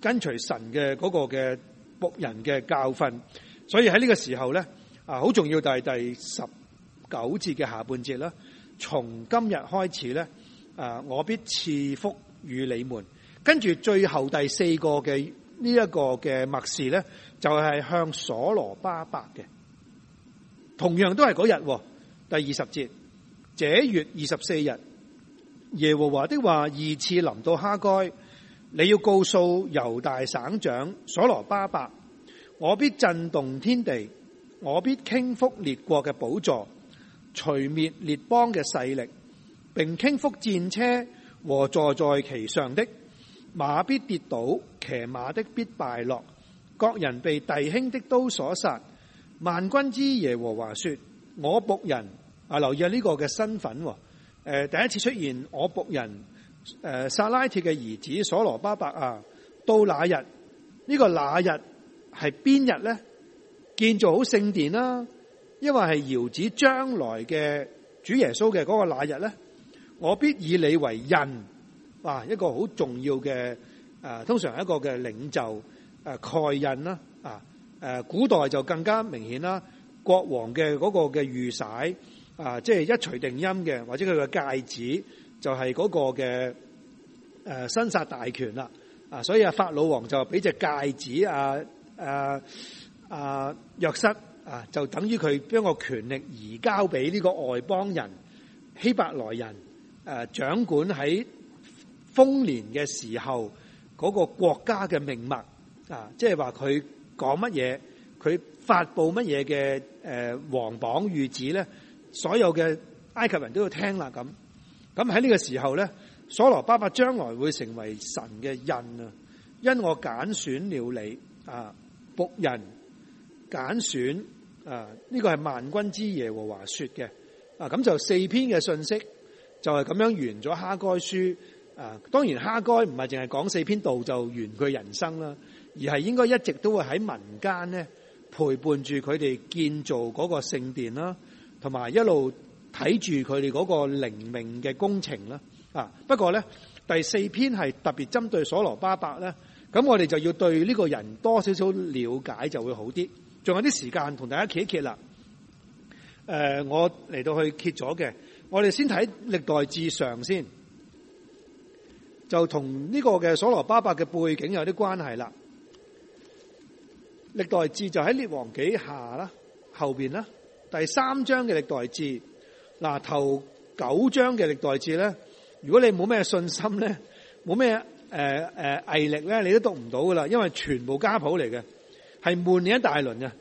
Speaker 1: 跟隨神嘅嗰個嘅僕人嘅教訓，所以喺呢個時候咧，啊，好重要就係第十九節嘅下半節啦。從今日開始咧，啊，我必賜福與你們。跟住最後第四個嘅呢一個嘅默示咧，就係向所羅巴伯嘅，同樣都係嗰日。第二十節，這月二十四日，耶和華的話二次臨到哈該。你要告訴猶大省長所羅巴伯，我必震動天地，我必傾覆列國嘅寶座，除滅列邦嘅勢力，並傾覆戰車和坐在其上的馬必跌倒，騎馬的必敗落，各人被弟兄的刀所殺。萬軍之耶和華說：我僕人啊，留意下呢個嘅身份，誒、啊，第一次出現我僕人。誒，撒拉鐵嘅兒子所羅巴伯啊，到那日呢、這個那日係邊日咧？建造好聖殿啦、啊，因為係遙指將來嘅主耶穌嘅嗰個那日咧，我必以你為印，哇、啊、一個好重要嘅誒、啊，通常係一個嘅領袖誒蓋印啦，啊誒、啊、古代就更加明顯啦、啊，國王嘅嗰個嘅御璽啊，即、就、係、是、一錘定音嘅，或者佢嘅戒指。就係、是、嗰個嘅誒生殺大權啦，啊！所以啊，法老王就俾隻戒指啊，誒誒約瑟啊，啊就等於佢將個權力移交俾呢個外邦人希伯來人誒、啊，掌管喺豐年嘅時候嗰個國家嘅命脈啊，即係話佢講乜嘢，佢發布乜嘢嘅誒皇榜御旨咧，所有嘅埃及人都要聽啦咁。這樣咁喺呢個時候咧，所羅巴伯將來會成為神嘅印啊！因我揀選了你啊，僕人揀選啊，呢、這個係萬軍之耶和華說嘅啊！咁就四篇嘅信息就係、是、咁樣完咗哈該書啊。當然哈該唔係淨係講四篇道就完佢人生啦，而係應該一直都會喺民間咧陪伴住佢哋建造嗰個聖殿啦，同、啊、埋一路。睇住佢哋嗰個靈命嘅工程啦，啊！不過咧，第四篇係特別針對所羅巴伯咧，咁我哋就要對呢個人多少少了解就會好啲。仲有啲時間同大家揭一揭啦。誒、呃，我嚟，到去揭咗嘅，我哋先睇歷代志上先，就同呢個嘅所羅巴伯嘅背景有啲關係啦。歷代志就喺列王紀下啦，後邊啦，第三章嘅歷代志。嗱，頭九章嘅歷代志咧，如果你冇咩信心咧，冇咩誒誒毅力咧，你都讀唔到噶啦，因為全部家譜嚟嘅，係悶你一大輪啊，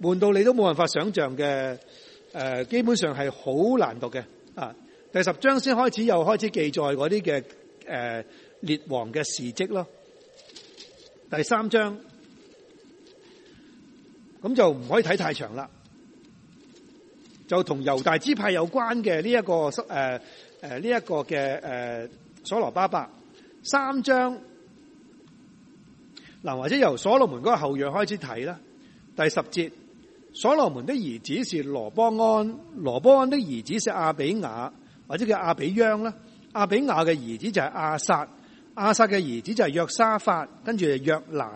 Speaker 1: 悶到你都冇辦法想象嘅，誒、呃、基本上係好難讀嘅啊。第十章先開始又開始記載嗰啲嘅誒列王嘅事蹟咯。第三章咁就唔可以睇太長啦。就同猶大支派有關嘅呢一個，誒呢一個嘅誒、呃、所羅巴伯三章嗱，或者由所羅門嗰個後裔開始睇啦。第十節，所羅門的兒子是羅波安，羅波安的兒子是阿比雅，或者叫阿比央啦。阿比雅嘅兒子就係阿撒，阿撒嘅兒子就係約沙法，跟住約蘭，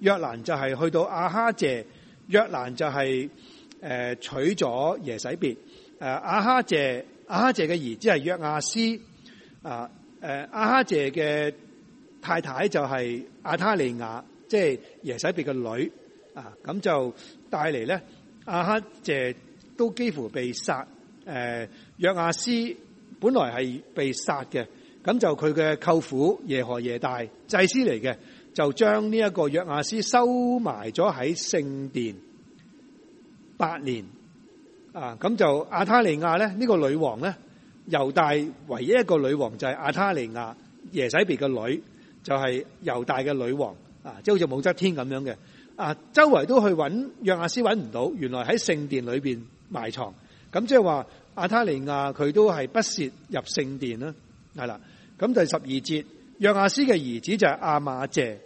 Speaker 1: 約蘭就係去到阿哈謝，約蘭就係、是。誒娶咗耶洗別，誒阿哈姐阿哈謝嘅兒子係約亞斯，啊誒哈姐嘅太太就係亞他利亞，即、就、係、是、耶洗別嘅女，啊咁就帶嚟咧，阿哈姐都幾乎被殺，誒約亞斯本來係被殺嘅，咁就佢嘅舅父耶何耶大祭司嚟嘅，就將呢一個約亞斯收埋咗喺聖殿。八年啊，咁就阿他利亞咧，呢、這個女王咧，猶大唯一一個女王就係阿他利亞耶洗別嘅女，就係、是、猶大嘅女王啊，即係好似武則天咁樣嘅啊，周圍都去搵，約亞斯搵唔到，原來喺聖殿裏邊埋藏，咁即係話阿他利亞佢都係不屑入聖殿啦，係、啊、啦，咁、啊、第十二節約亞斯嘅兒子就係阿馬謝，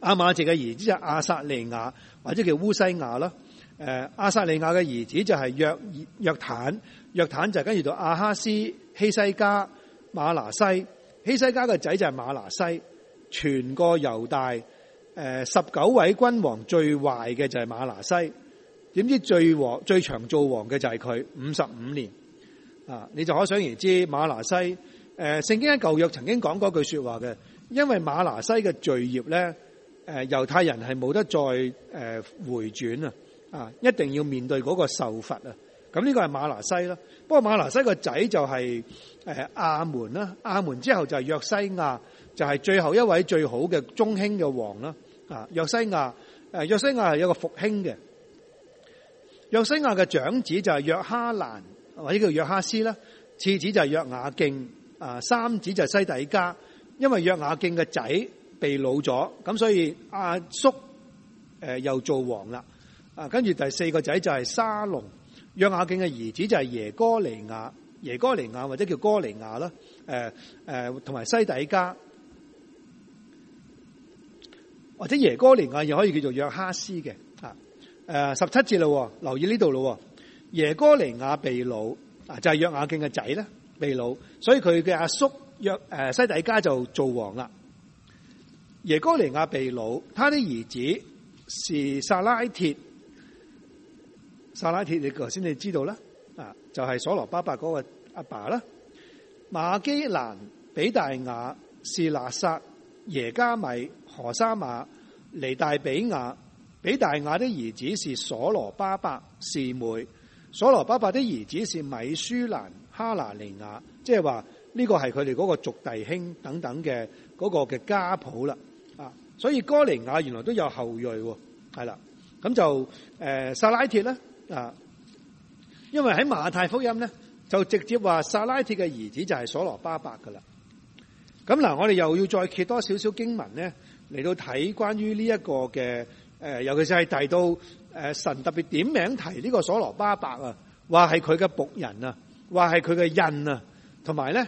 Speaker 1: 阿、啊、馬謝嘅兒子就係阿薩利亞或者叫烏西亞啦。誒，亞薩利亞嘅兒子就係約約坦，約坦就跟住到阿哈斯、希西家、馬拿西，希西家嘅仔就係馬拿西，全個猶大誒十九位君王最壞嘅就係馬拿西。點知最王最長做王嘅就係佢五十五年啊！你就可想而知馬拿西，誒、呃、聖經喺舊約曾經講過句說話嘅，因為馬拿西嘅罪孽咧，誒、呃、猶太人係冇得再誒、呃、回轉啊！啊！一定要面對嗰個受罰啊！咁、這、呢個係馬來西啦。不過瑪拿西個仔就係誒亞門啦。亞門之後就係約西亞，就係、是、最後一位最好嘅中興嘅王啦。啊，約西亞誒，約西亞係有個復興嘅。約西亞嘅長子就係約哈蘭，或者叫約哈斯啦。次子就係約雅敬啊，三子就係西底家。因為約雅敬嘅仔被老咗，咁所以阿叔誒又做王啦。啊，跟住第四個仔就係沙龍。約雅敬嘅兒子就係耶哥尼亞，耶哥尼亞或者叫哥尼亞啦，誒、呃、誒，同、呃、埋西底加，或者耶哥尼亞又可以叫做約哈斯嘅，吓、呃、誒，十七節咯，留意呢度咯，耶哥尼亞被擄，啊就係約雅敬嘅仔咧被擄，所以佢嘅阿叔約誒西底加就做王啦，耶哥尼亞被擄，他的兒子是撒拉鐵。撒拉鐵你頭先你知道啦，啊就係、是、所羅巴伯嗰個阿爸啦，馬基蘭、比大雅、示拿撒、耶加米、荷沙馬、尼大比雅，比大雅的兒子是所羅巴伯示每，所羅巴伯，伯的兒子是米舒蘭、哈拿尼雅，即係話呢個係佢哋嗰個族弟兄等等嘅嗰個嘅家譜啦，啊所以哥尼雅原來都有後裔係啦，咁就誒撒、呃、拉鐵咧。啊！因為喺馬太福音咧，就直接話撒拉鐵嘅兒子就係所羅巴伯噶啦。咁嗱，我哋又要再揭多少少經文咧，嚟到睇關於呢一個嘅誒、呃，尤其是係提到誒、呃、神特別點名提呢個所羅巴伯啊，話係佢嘅僕人啊，話係佢嘅印啊，同埋咧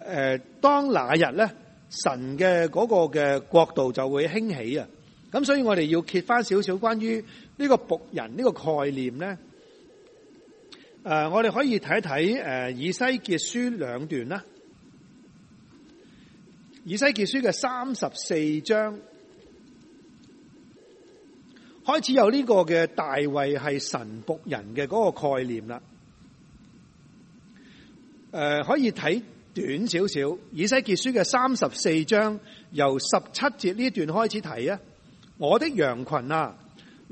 Speaker 1: 誒，當那日咧神嘅嗰個嘅國度就會興起啊。咁所以我哋要揭翻少少關於。呢、這個僕人呢個概念咧，誒、呃，我哋可以睇一睇誒，以西結書兩段啦。以西結書嘅三十四章開始有呢個嘅大衛係神僕人嘅嗰個概念啦。誒，可以睇短少少，以西結書嘅三十四章由十七節呢段開始提啊，我的羊群啊！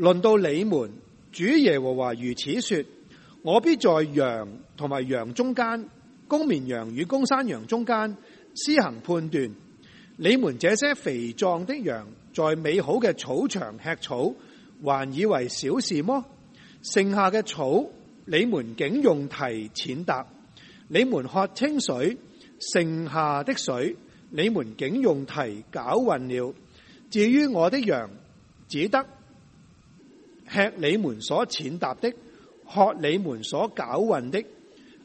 Speaker 1: 論到你們，主耶和華如此說：我必在羊同埋羊中間，公綿羊與公山羊中間施行判斷。你們這些肥壯的羊，在美好嘅草場吃草，還以為小事麼？剩下嘅草，你們竟用蹄踐踏；你們喝清水，剩下的水，你們竟用蹄攪混了。至於我的羊，只得。吃你們所踐踏的，喝你們所攪渾的。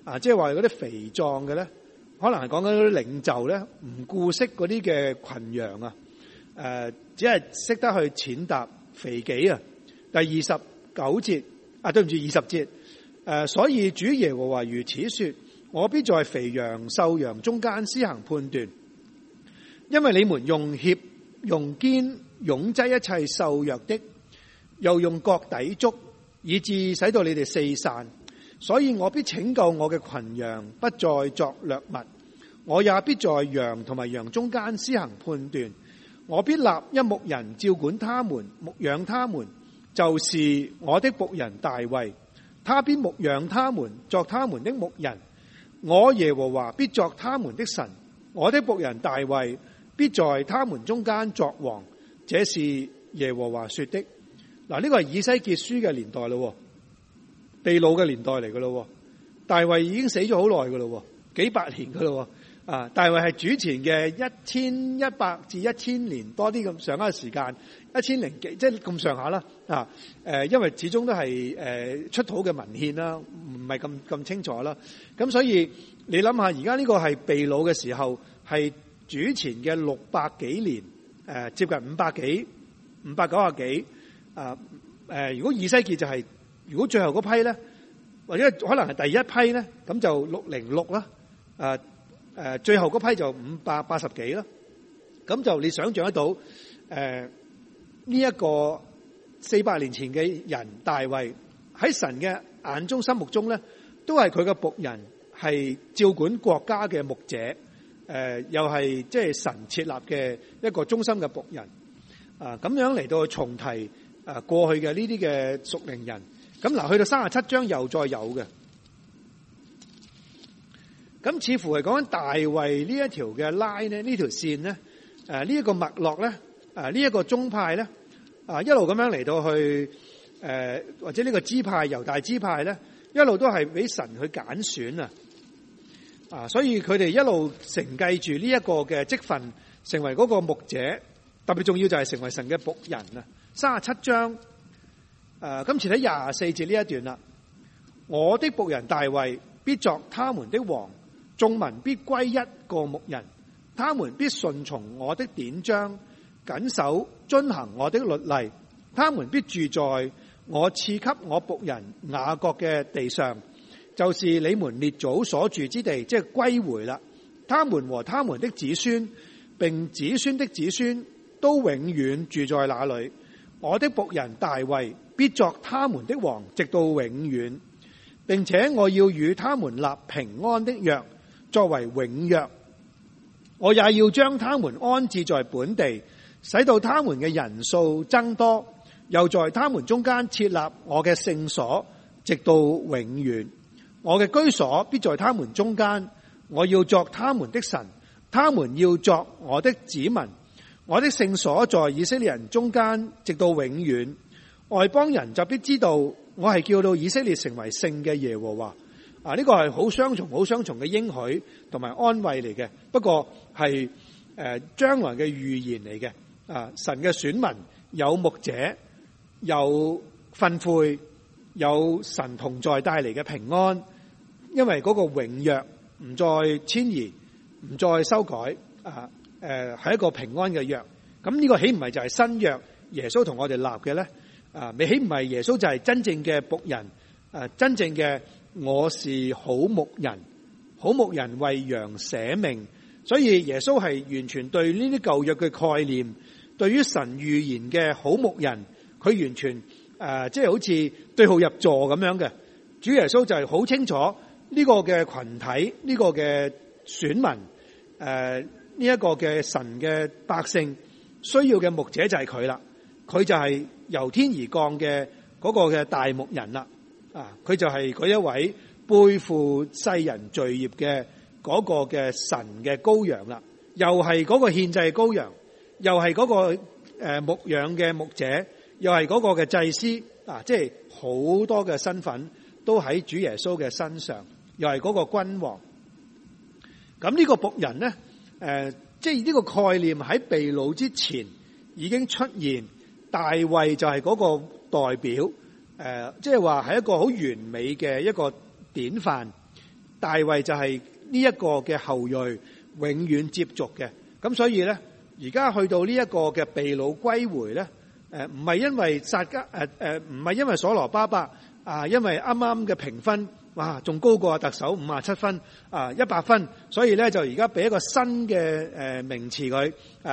Speaker 1: 啊，即係話嗰啲肥壯嘅咧，可能係講緊嗰啲領袖咧，唔顧惜嗰啲嘅群羊啊，誒，只係識得去踐踏肥己啊。第二十九節，啊，對唔住，二十節，誒、啊，所以主耶和華如此說：我必在肥羊、瘦羊中間施行判斷，因為你們用脅、用肩、擁擠一切瘦弱的。又用角牴觸，以致使到你哋四散。所以我必拯救我嘅群羊，不再作掠物。我也必在羊同埋羊中間施行判斷。我必立一牧人照管他們，牧養他們，就是我的僕人大衛。他必牧養他們，作他們的牧人。我耶和華必作他們的神。我的僕人大衛必在他們中間作王。這是耶和華說的。嗱，呢個係以西結書嘅年代咯，被擄嘅年代嚟噶咯，大衛已經死咗好耐噶咯，幾百年噶咯，啊，大衛係主前嘅一千一百至一千年多啲咁上一個時間，一千零幾即係咁上下啦，啊，誒，因為始終都係誒出土嘅文獻啦，唔係咁咁清楚啦，咁所以你諗下，而家呢個係被擄嘅時候，係主前嘅六百幾年，誒，接近五百幾，五百九啊幾。啊，誒，如果以西結就係、是，如果最後嗰批咧，或者可能係第一批咧，咁就六零六啦，誒、啊、誒、啊，最後嗰批就五百八十幾啦，咁就你想象得到，誒呢一個四百年前嘅人大衛喺神嘅眼中心目中咧，都係佢嘅僕人，係照管國家嘅牧者，誒、啊、又係即係神設立嘅一個忠心嘅僕人，啊咁樣嚟到重提。啊！過去嘅呢啲嘅屬靈人，咁嗱，去到三十七章又再有嘅，咁似乎係講緊大衞呢一條嘅 line 咧，呢條線咧，誒呢一個脈絡咧，誒呢一個宗派咧，啊一路咁樣嚟到去誒、啊，或者呢個支派、猶大支派咧，一路都係俾神去揀選啊，啊，所以佢哋一路承繼住呢一個嘅職分，成為嗰個牧者，特別重要就係成為神嘅僕人啊！三十七章，誒、呃，今次喺廿四節呢一段啦。我的僕人大衛必作他們的王，眾民必歸一個牧人，他們必順從我的典章，謹守遵行我的律例，他們必住在我賜給我僕人雅各嘅地上，就是你們列祖所住之地，即係歸回啦。他們和他們的子孫，並子孫的子孫，都永遠住在那裏。我的僕人大衛必作他們的王，直到永遠，並且我要與他們立平安的約，作為永約。我也要將他們安置在本地，使到他們嘅人數增多，又在他們中間設立我嘅聖所，直到永遠。我嘅居所必在他們中間，我要作他們的神，他們要作我的子民。我的聖所在以色列人中間，直到永遠。外邦人就必知道，我係叫到以色列成為聖嘅耶和華。啊，呢個係好雙重、好雙重嘅應許同埋安慰嚟嘅。不過係誒將來嘅預言嚟嘅。啊，神嘅選民有目者，有憤悔，有神同在帶嚟嘅平安。因為嗰個永約唔再遷移，唔再修改。啊。誒、呃，係一個平安嘅約，咁、這、呢個豈唔係就係新約耶穌同我哋立嘅咧？啊、呃，你豈唔係耶穌就係真正嘅僕人？誒、呃，真正嘅我是好牧人，好牧人為羊捨命，所以耶穌係完全對呢啲舊約嘅概念，對於神預言嘅好牧人，佢完全誒，即、呃、係、就是、好似對號入座咁樣嘅。主耶穌就係好清楚呢個嘅群體，呢、這個嘅選民，誒、呃。呢一個嘅神嘅百姓需要嘅牧者就係佢啦，佢就係由天而降嘅嗰個嘅大牧人啦，啊，佢就係嗰一位背負世人罪孽嘅嗰個嘅神嘅羔羊啦，又係嗰個獻祭羔羊，又係嗰個誒牧養嘅牧者，又係嗰個嘅祭司啊，即係好多嘅身份都喺主耶穌嘅身上，又係嗰個君王。咁呢個僕人呢？誒、呃，即係呢個概念喺被擄之前已經出現，大衛就係嗰個代表。誒、呃，即係話係一個好完美嘅一個典範。大衛就係呢一個嘅後裔永遠的，永遠接續嘅。咁所以咧，而家去到呢一個嘅被擄歸回咧，誒、呃，唔係因為撒迦，誒、呃、誒，唔係因為所羅巴巴，啊，因為啱啱嘅評分。哇，仲高過特首五十七分啊，一百分，所以咧就而家俾一個新嘅誒名詞佢，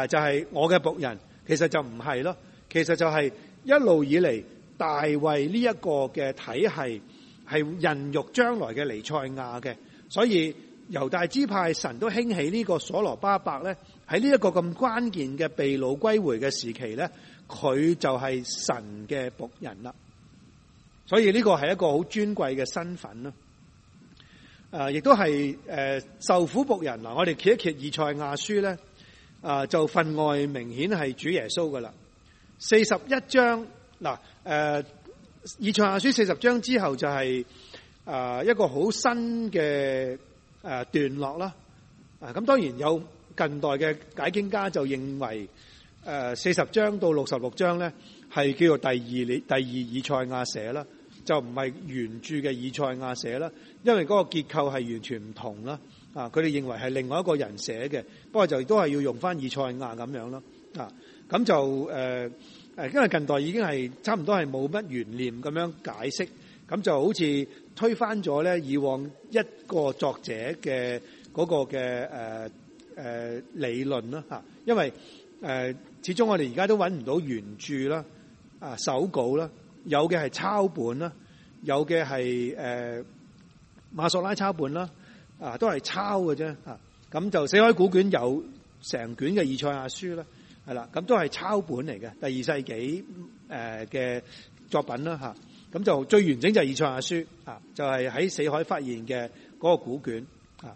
Speaker 1: 就係、是、我嘅僕人。其實就唔係咯，其實就係一路以嚟大衛呢一個嘅體系係孕育將來嘅彌賽亞嘅，所以猶大支派神都興起呢個所羅巴伯咧，喺呢一個咁關鍵嘅被擄歸回嘅時期咧，佢就係神嘅僕人啦。所以呢個係一個好尊貴嘅身份啦，啊，誒、啊，亦都係誒受苦僕人嗱、啊。我哋揭一揭以賽亞書咧、啊，就份外明顯係主耶穌噶啦。四十一章嗱，誒、啊、呃，以賽亞書四十章之後就係一個好新嘅誒段落啦。啊，咁、啊啊、當然有近代嘅解經家就認為，誒、啊，四十章到六十六章咧。係叫做第二列第二以賽亞寫啦，就唔係原著嘅以賽亞寫啦，因為嗰個結構係完全唔同啦。啊，佢哋認為係另外一個人寫嘅，不過就都係要用翻以賽亞咁樣咯。啊，咁就誒誒，因為近代已經係差唔多係冇乜懸念咁樣解釋，咁就好似推翻咗咧以往一個作者嘅嗰個嘅誒、呃呃、理論啦嚇。因為誒、呃、始終我哋而家都揾唔到原著啦。啊，手稿啦，有嘅係抄本啦，有嘅係誒馬索拉抄本啦，啊都係抄嘅啫吓，咁、啊、就死海古卷有成卷嘅《以賽亞書》啦，係啦，咁都係抄本嚟嘅，第二世紀誒嘅作品啦吓，咁、啊、就最完整就《以賽亞書》啊，就係、是、喺死海發現嘅嗰個古卷啊，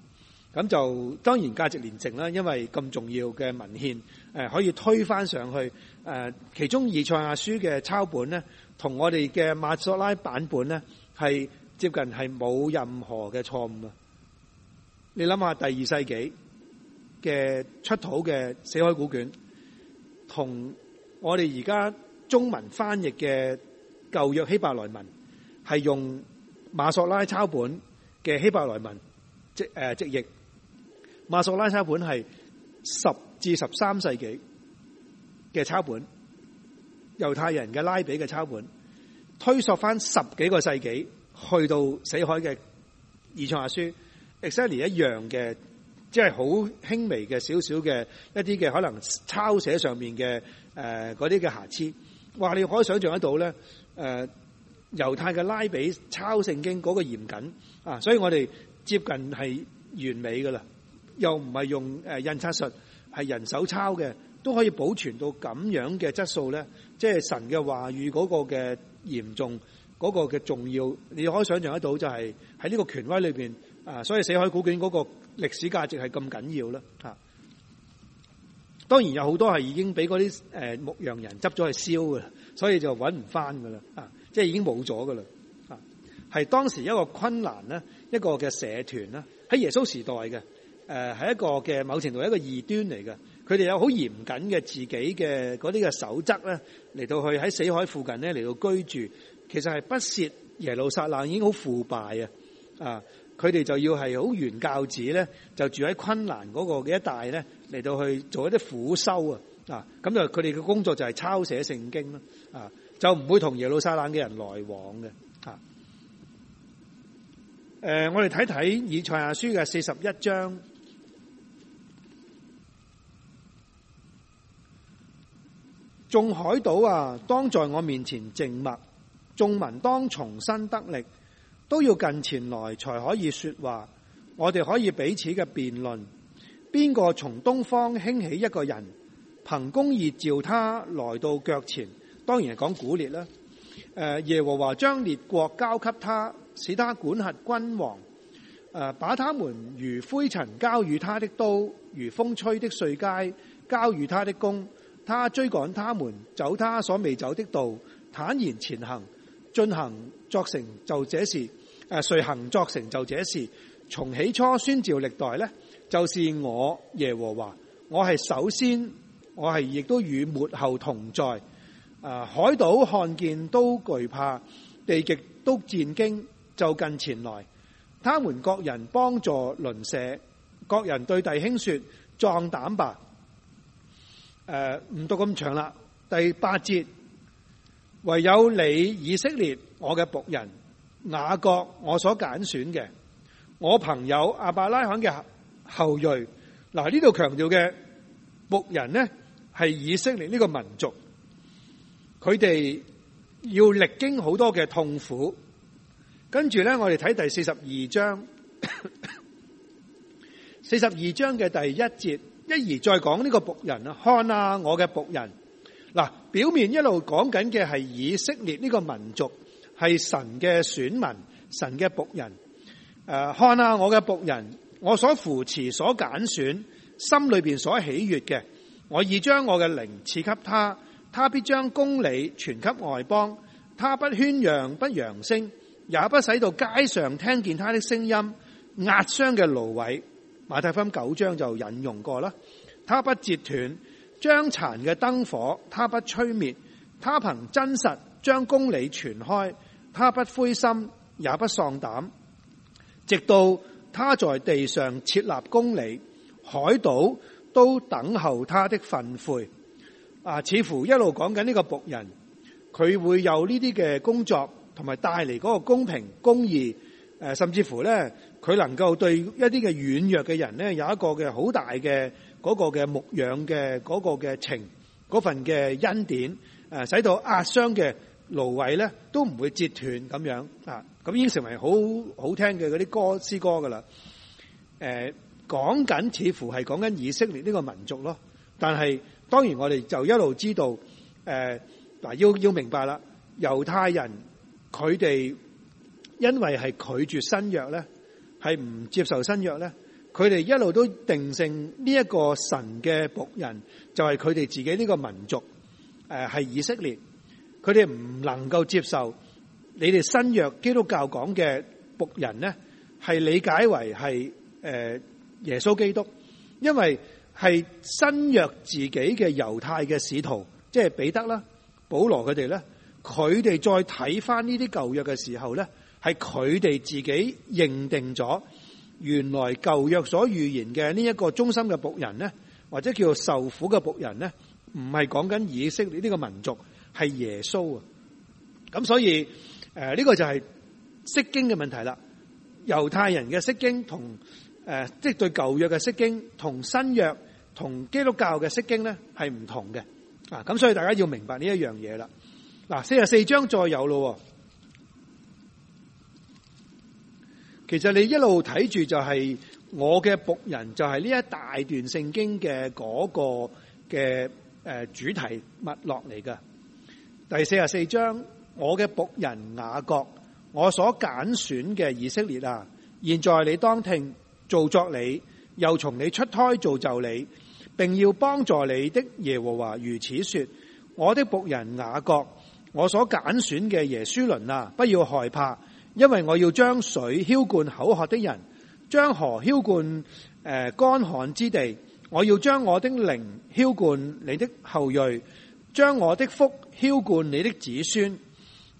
Speaker 1: 咁就當然價值連城啦，因為咁重要嘅文獻誒、啊，可以推返上去。誒，其中《以賽亞書》嘅抄本咧，同我哋嘅馬索拉版本咧，係接近係冇任何嘅錯誤啊！你諗下，第二世紀嘅出土嘅死海古卷，同我哋而家中文翻譯嘅舊約希伯來文，係用馬索拉抄本嘅希伯來文直誒直譯，馬索拉抄本係十至十三世紀嘅抄本，猶太人嘅拉比嘅抄本，推溯翻十幾個世紀，去到死海嘅以賽亞書，exactly 一樣嘅，即係好輕微嘅少少嘅一啲嘅可能抄寫上面嘅誒嗰啲嘅瑕疵。哇！你可以想象得到咧，誒、呃、猶太嘅拉比抄聖經嗰個嚴謹啊，所以我哋接近係完美㗎喇，又唔係用誒印刷術，係人手抄嘅。都可以保存到咁樣嘅質素咧，即係神嘅話語嗰個嘅嚴重，嗰個嘅重要，你可以想象得到就係喺呢個權威裏面。啊，所以《死海古卷》嗰個歷史價值係咁緊要啦啊！當然有好多係已經俾嗰啲誒牧羊人執咗去燒嘅，所以就揾唔翻㗎啦啊，即係已經冇咗㗎啦啊，係當時一個昆蘭咧，一個嘅社團啦，喺耶穌時代嘅誒係一個嘅某程度一個異端嚟嘅。佢哋有好嚴謹嘅自己嘅嗰啲嘅守則咧，嚟到去喺死海附近咧嚟到居住，其實係不屑耶路撒冷已經好腐敗啊！啊，佢哋就要係好原教旨咧，就住喺昆蘭嗰個嘅一帶咧嚟到去做一啲苦修啊！啊，咁就佢哋嘅工作就係抄寫聖經咯啊，就唔會同耶路撒冷嘅人來往嘅啊。誒、呃，我哋睇睇以賽亞書嘅四十一章。眾海島啊，當在我面前靜默；眾民當重新得力，都要近前來才可以說話。我哋可以彼此嘅辯論。邊個從東方興起一個人，憑公義召他來到腳前，當然係講古列啦。誒，耶和華將列國交給他，使他管轄君王。誒，把他們如灰塵交與他的刀，如風吹的碎階，交與他的弓。他追趕他們，走他所未走的道，坦然前行，進行作成就這事。誒、呃、誰行作成就這事？從起初宣召歷代呢，就是我耶和華，我係首先，我係亦都與末後同在。呃、海島看見都懼怕，地極都戰驚，就近前來。他們各人幫助鄰舍，各人對弟兄説：壯膽吧！誒、呃，唔到咁長啦。第八節，唯有你以色列，我嘅僕人雅各，我所揀選嘅，我朋友亞伯拉罕嘅後裔。嗱，呢度強調嘅僕人咧，係以色列呢個民族，佢哋要歷經好多嘅痛苦。跟住咧，我哋睇第四十二章，四十二章嘅第一節。一而再講呢個僕人啊，看啊我嘅僕人，嗱，表面一路講緊嘅係以色列呢個民族係神嘅選民，神嘅僕人。誒，看啊我嘅僕人，我所扶持所揀選，心裏邊所喜悅嘅，我已將我嘅靈賜給他，他必將公理傳給外邦，他不喧揚不揚聲，也不使到街上聽見他的聲音，壓傷嘅蘆葦。馬太福音九章就引用過啦，他不截斷將殘嘅燈火，他不吹滅，他憑真實將公理傳開，他不灰心也不喪膽，直到他在地上設立公理，海島都等候他的訓誨。啊，似乎一路講緊呢個僕人，佢會有呢啲嘅工作，同埋帶嚟嗰個公平公義，誒、啊，甚至乎咧。佢能夠對一啲嘅軟弱嘅人咧，有一個嘅好大嘅嗰個嘅牧養嘅嗰個嘅情，嗰份嘅恩典，誒，使到壓傷嘅蘆葦咧，都唔會折斷咁樣啊！咁已經成為好好聽嘅嗰啲歌詩歌噶啦。誒、呃，講緊似乎係講緊以色列呢個民族咯，但係當然我哋就一路知道，誒、呃，嗱要要明白啦，猶太人佢哋因為係拒絕新約咧。係唔接受新約咧，佢哋一路都定性呢一個神嘅僕人，就係佢哋自己呢個民族，誒、呃，係以色列。佢哋唔能夠接受你哋新約基督教講嘅僕人咧，係理解為係誒、呃、耶穌基督，因為係新約自己嘅猶太嘅使徒，即係彼得啦、保羅佢哋咧，佢哋再睇翻呢啲舊約嘅時候咧，係佢哋自己認定咗，原來舊約所預言嘅呢一個中心嘅僕人呢，或者叫做受苦嘅僕人呢，唔係講緊以色列呢個民族，係耶穌啊！咁所以，誒呢個就係釋經嘅問題啦。猶太人嘅釋經同誒即係對舊約嘅釋經，同新約同基督教嘅釋經咧係唔同嘅啊！咁所以大家要明白呢一樣嘢啦。嗱，四十四章再有咯。其實你一路睇住就係我嘅僕人，就係呢一大段聖經嘅嗰個嘅誒主題脈絡嚟㗎。第四十四章，我嘅僕人雅各，我所揀選嘅以色列啊，現在你當聽，造作你，又從你出胎造就你，並要幫助你的耶和華如此說：我的僕人雅各，我所揀選嘅耶書倫啊，不要害怕。因為我要將水澆灌口渴的人，將河澆灌誒乾旱之地。我要將我的靈澆灌你的後裔，將我的福澆灌你的子孫。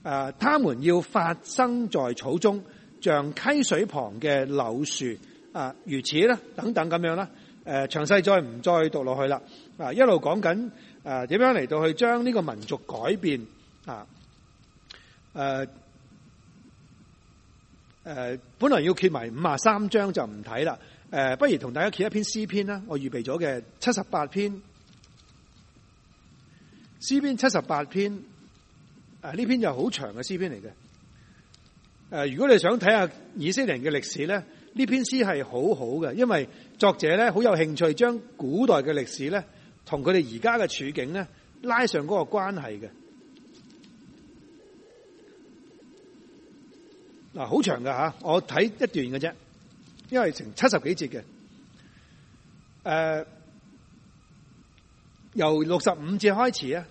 Speaker 1: 啊，他們要發生在草中，像溪水旁嘅柳樹。啊，如此啦，等等咁樣啦。誒、啊，詳細再唔再讀落去啦？啊，一路講緊誒，點樣，啊，嚟到去將呢個民族改變啊？誒、啊。誒，本來要揭埋五十三章就唔睇啦。誒，不如同大家揭一篇詩篇啦。我預備咗嘅七十八篇詩篇，七十八篇。誒，呢篇就好長嘅詩篇嚟嘅。誒，如果你想睇下以色列嘅歷史咧，呢篇詩係好好嘅，因為作者咧好有興趣將古代嘅歷史咧，同佢哋而家嘅處境咧拉上嗰個關係嘅。好、啊、長㗎吓，我睇一段嘅啫，因為成七十幾節嘅。誒、呃，由六十五節開始啊，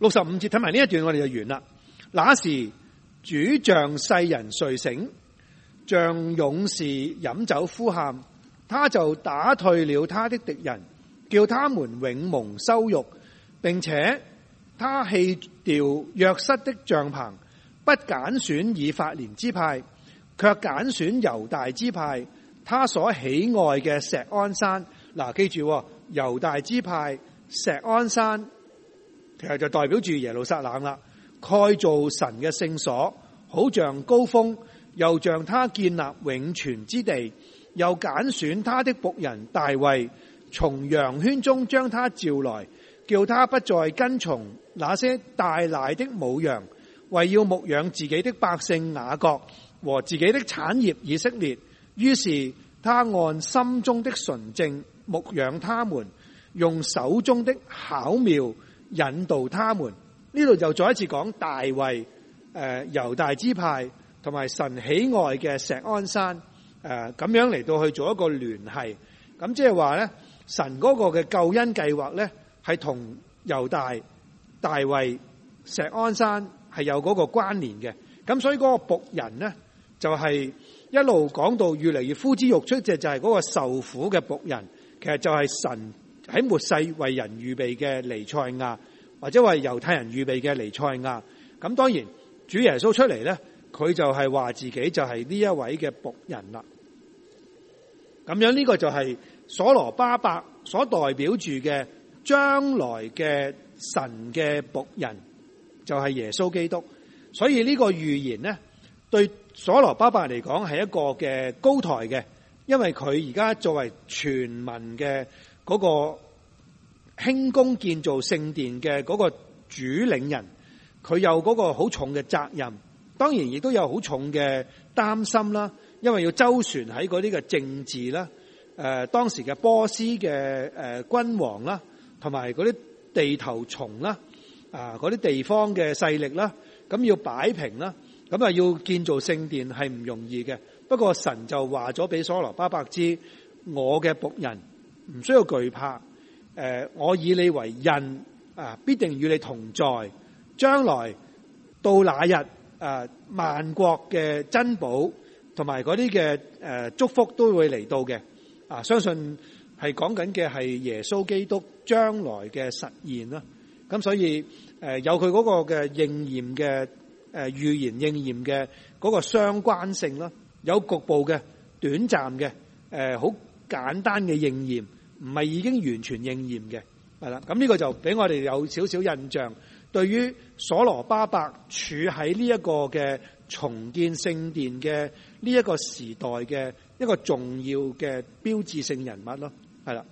Speaker 1: 六十五節睇埋呢一段，我哋就完啦。 <laughs> 那時主將世人睡醒，像勇士飲酒呼喊，他就打退了他的敵人，叫他們永蒙羞辱，並且他棄掉約瑟的帳棚。不揀選以法蓮支派，却揀選猶大支派。他所喜愛嘅錫安山，嗱，記住，猶大支派錫安山，其實就代表住耶路撒冷啦。蓋造神嘅聖所，好像高峰，又像他建立永存之地。又揀選他的僕人大衛，從羊圈中將他召來，叫他不再跟從那些帶奶的母羊。為要牧養自己的百姓雅各和自己的產業以色列，於是他按心中的純正牧養他們，用手中的巧妙引導他們。呢度就再一次講大衛誒、呃、猶大支派同埋神喜愛嘅錫安山誒咁、呃、樣嚟到去做一個聯繫。咁即係話呢神嗰個嘅救恩計劃呢，係同猶大、大衛、錫安山。係有嗰個關聯嘅，咁所以嗰個僕人呢，就係一路講到越嚟越呼之欲出嘅。就係嗰個受苦嘅僕人，其實就係神喺末世為人預備嘅尼賽亞，或者為猶太人預備嘅尼賽亞。咁當然，主耶穌出嚟呢，佢就係話自己就係呢一位嘅僕人啦。咁樣呢個就係所羅巴伯所代表住嘅將來嘅神嘅僕人。就係、是、耶穌基督，所以呢個預言呢，對所羅巴伯嚟講係一個嘅高台嘅，因為佢而家作為全民嘅嗰個興工建造聖殿嘅嗰個主領人，佢有嗰個好重嘅責任，當然亦都有好重嘅擔心啦，因為要周旋喺嗰啲嘅政治啦，誒當時嘅波斯嘅誒君王啦，同埋嗰啲地頭蟲啦。啊！嗰啲地方嘅勢力啦，咁、啊、要擺平啦，咁啊，啊要建造聖殿係唔容易嘅。不過神就話咗俾所羅巴伯知：我嘅僕人唔需要懼怕。誒、啊，我以你為印啊，必定與你同在。將來到那日啊，萬國嘅珍寶同埋嗰啲嘅誒祝福都會嚟到嘅。啊，相信係講緊嘅係耶穌基督將來嘅實現啦。咁所以，誒有佢嗰個嘅應驗嘅，誒、呃、預言應驗嘅嗰個相關性啦，有局部嘅、短暫嘅，誒、呃、好簡單嘅應驗，唔係已經完全應驗嘅，係啦。咁呢個就俾我哋有少少印象，對於所羅巴伯處喺呢一個嘅重建聖殿嘅呢一個時代嘅一個重要嘅標誌性人物咯，係啦。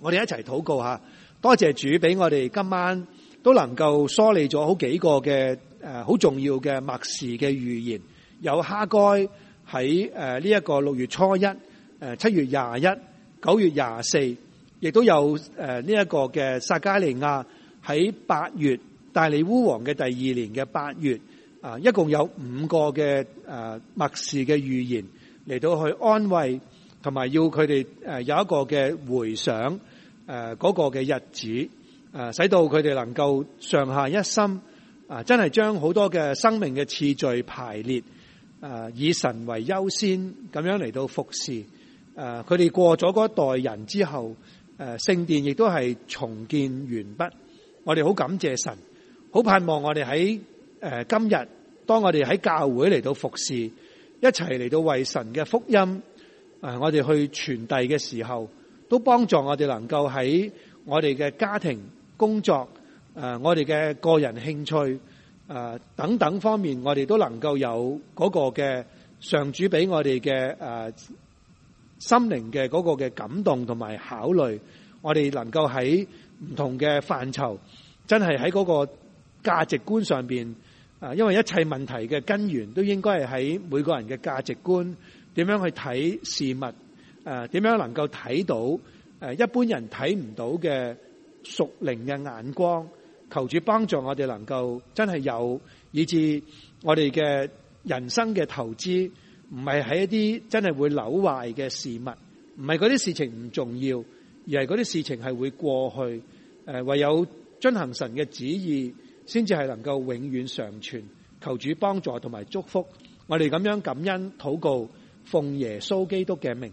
Speaker 1: 我哋一齊禱告吓。多謝主俾我哋今晚都能夠梳理咗好幾個嘅誒，好重要嘅默示嘅預言。有哈該喺誒呢一個六月初一，誒七月廿一、九月廿四，亦都有誒呢一個嘅撒加利亞喺八月大利烏王嘅第二年嘅八月。啊，一共有五個嘅誒默示嘅預言嚟到去安慰同埋要佢哋誒有一個嘅回想。誒、呃，嗰個嘅日子，誒、呃，使到佢哋能夠上下一心，啊、呃，真係將好多嘅生命嘅次序排列，誒、呃，以神為優先，咁樣嚟到服侍誒，佢、呃、哋過咗一代人之後，誒、呃，聖殿亦都係重建完畢。我哋好感謝神，好盼望我哋喺誒今日，當我哋喺教會嚟到服侍一齊嚟到為神嘅福音，誒、呃，我哋去傳遞嘅時候。都幫助我哋能夠喺我哋嘅家庭工作，呃我哋嘅個人興趣，呃等等方面，我哋都能夠有嗰個嘅上主俾我哋嘅呃心靈嘅嗰個嘅感動同埋考慮，我哋能夠喺唔同嘅範疇，真係喺嗰個價值觀上面，因為一切問題嘅根源都應該係喺每個人嘅價值觀，點樣去睇事物誒，點樣能夠睇到誒？一般人睇唔到嘅屬靈嘅眼光，求主幫助我哋能夠真係有，以致我哋嘅人生嘅投資唔係喺一啲真係會扭壞嘅事物，唔係嗰啲事情唔重要，而係嗰啲事情係會過去。誒，唯有遵行神嘅旨意，先至係能夠永遠常存。求主幫助同埋祝福我哋，咁樣感恩禱告，奉耶穌基督嘅名。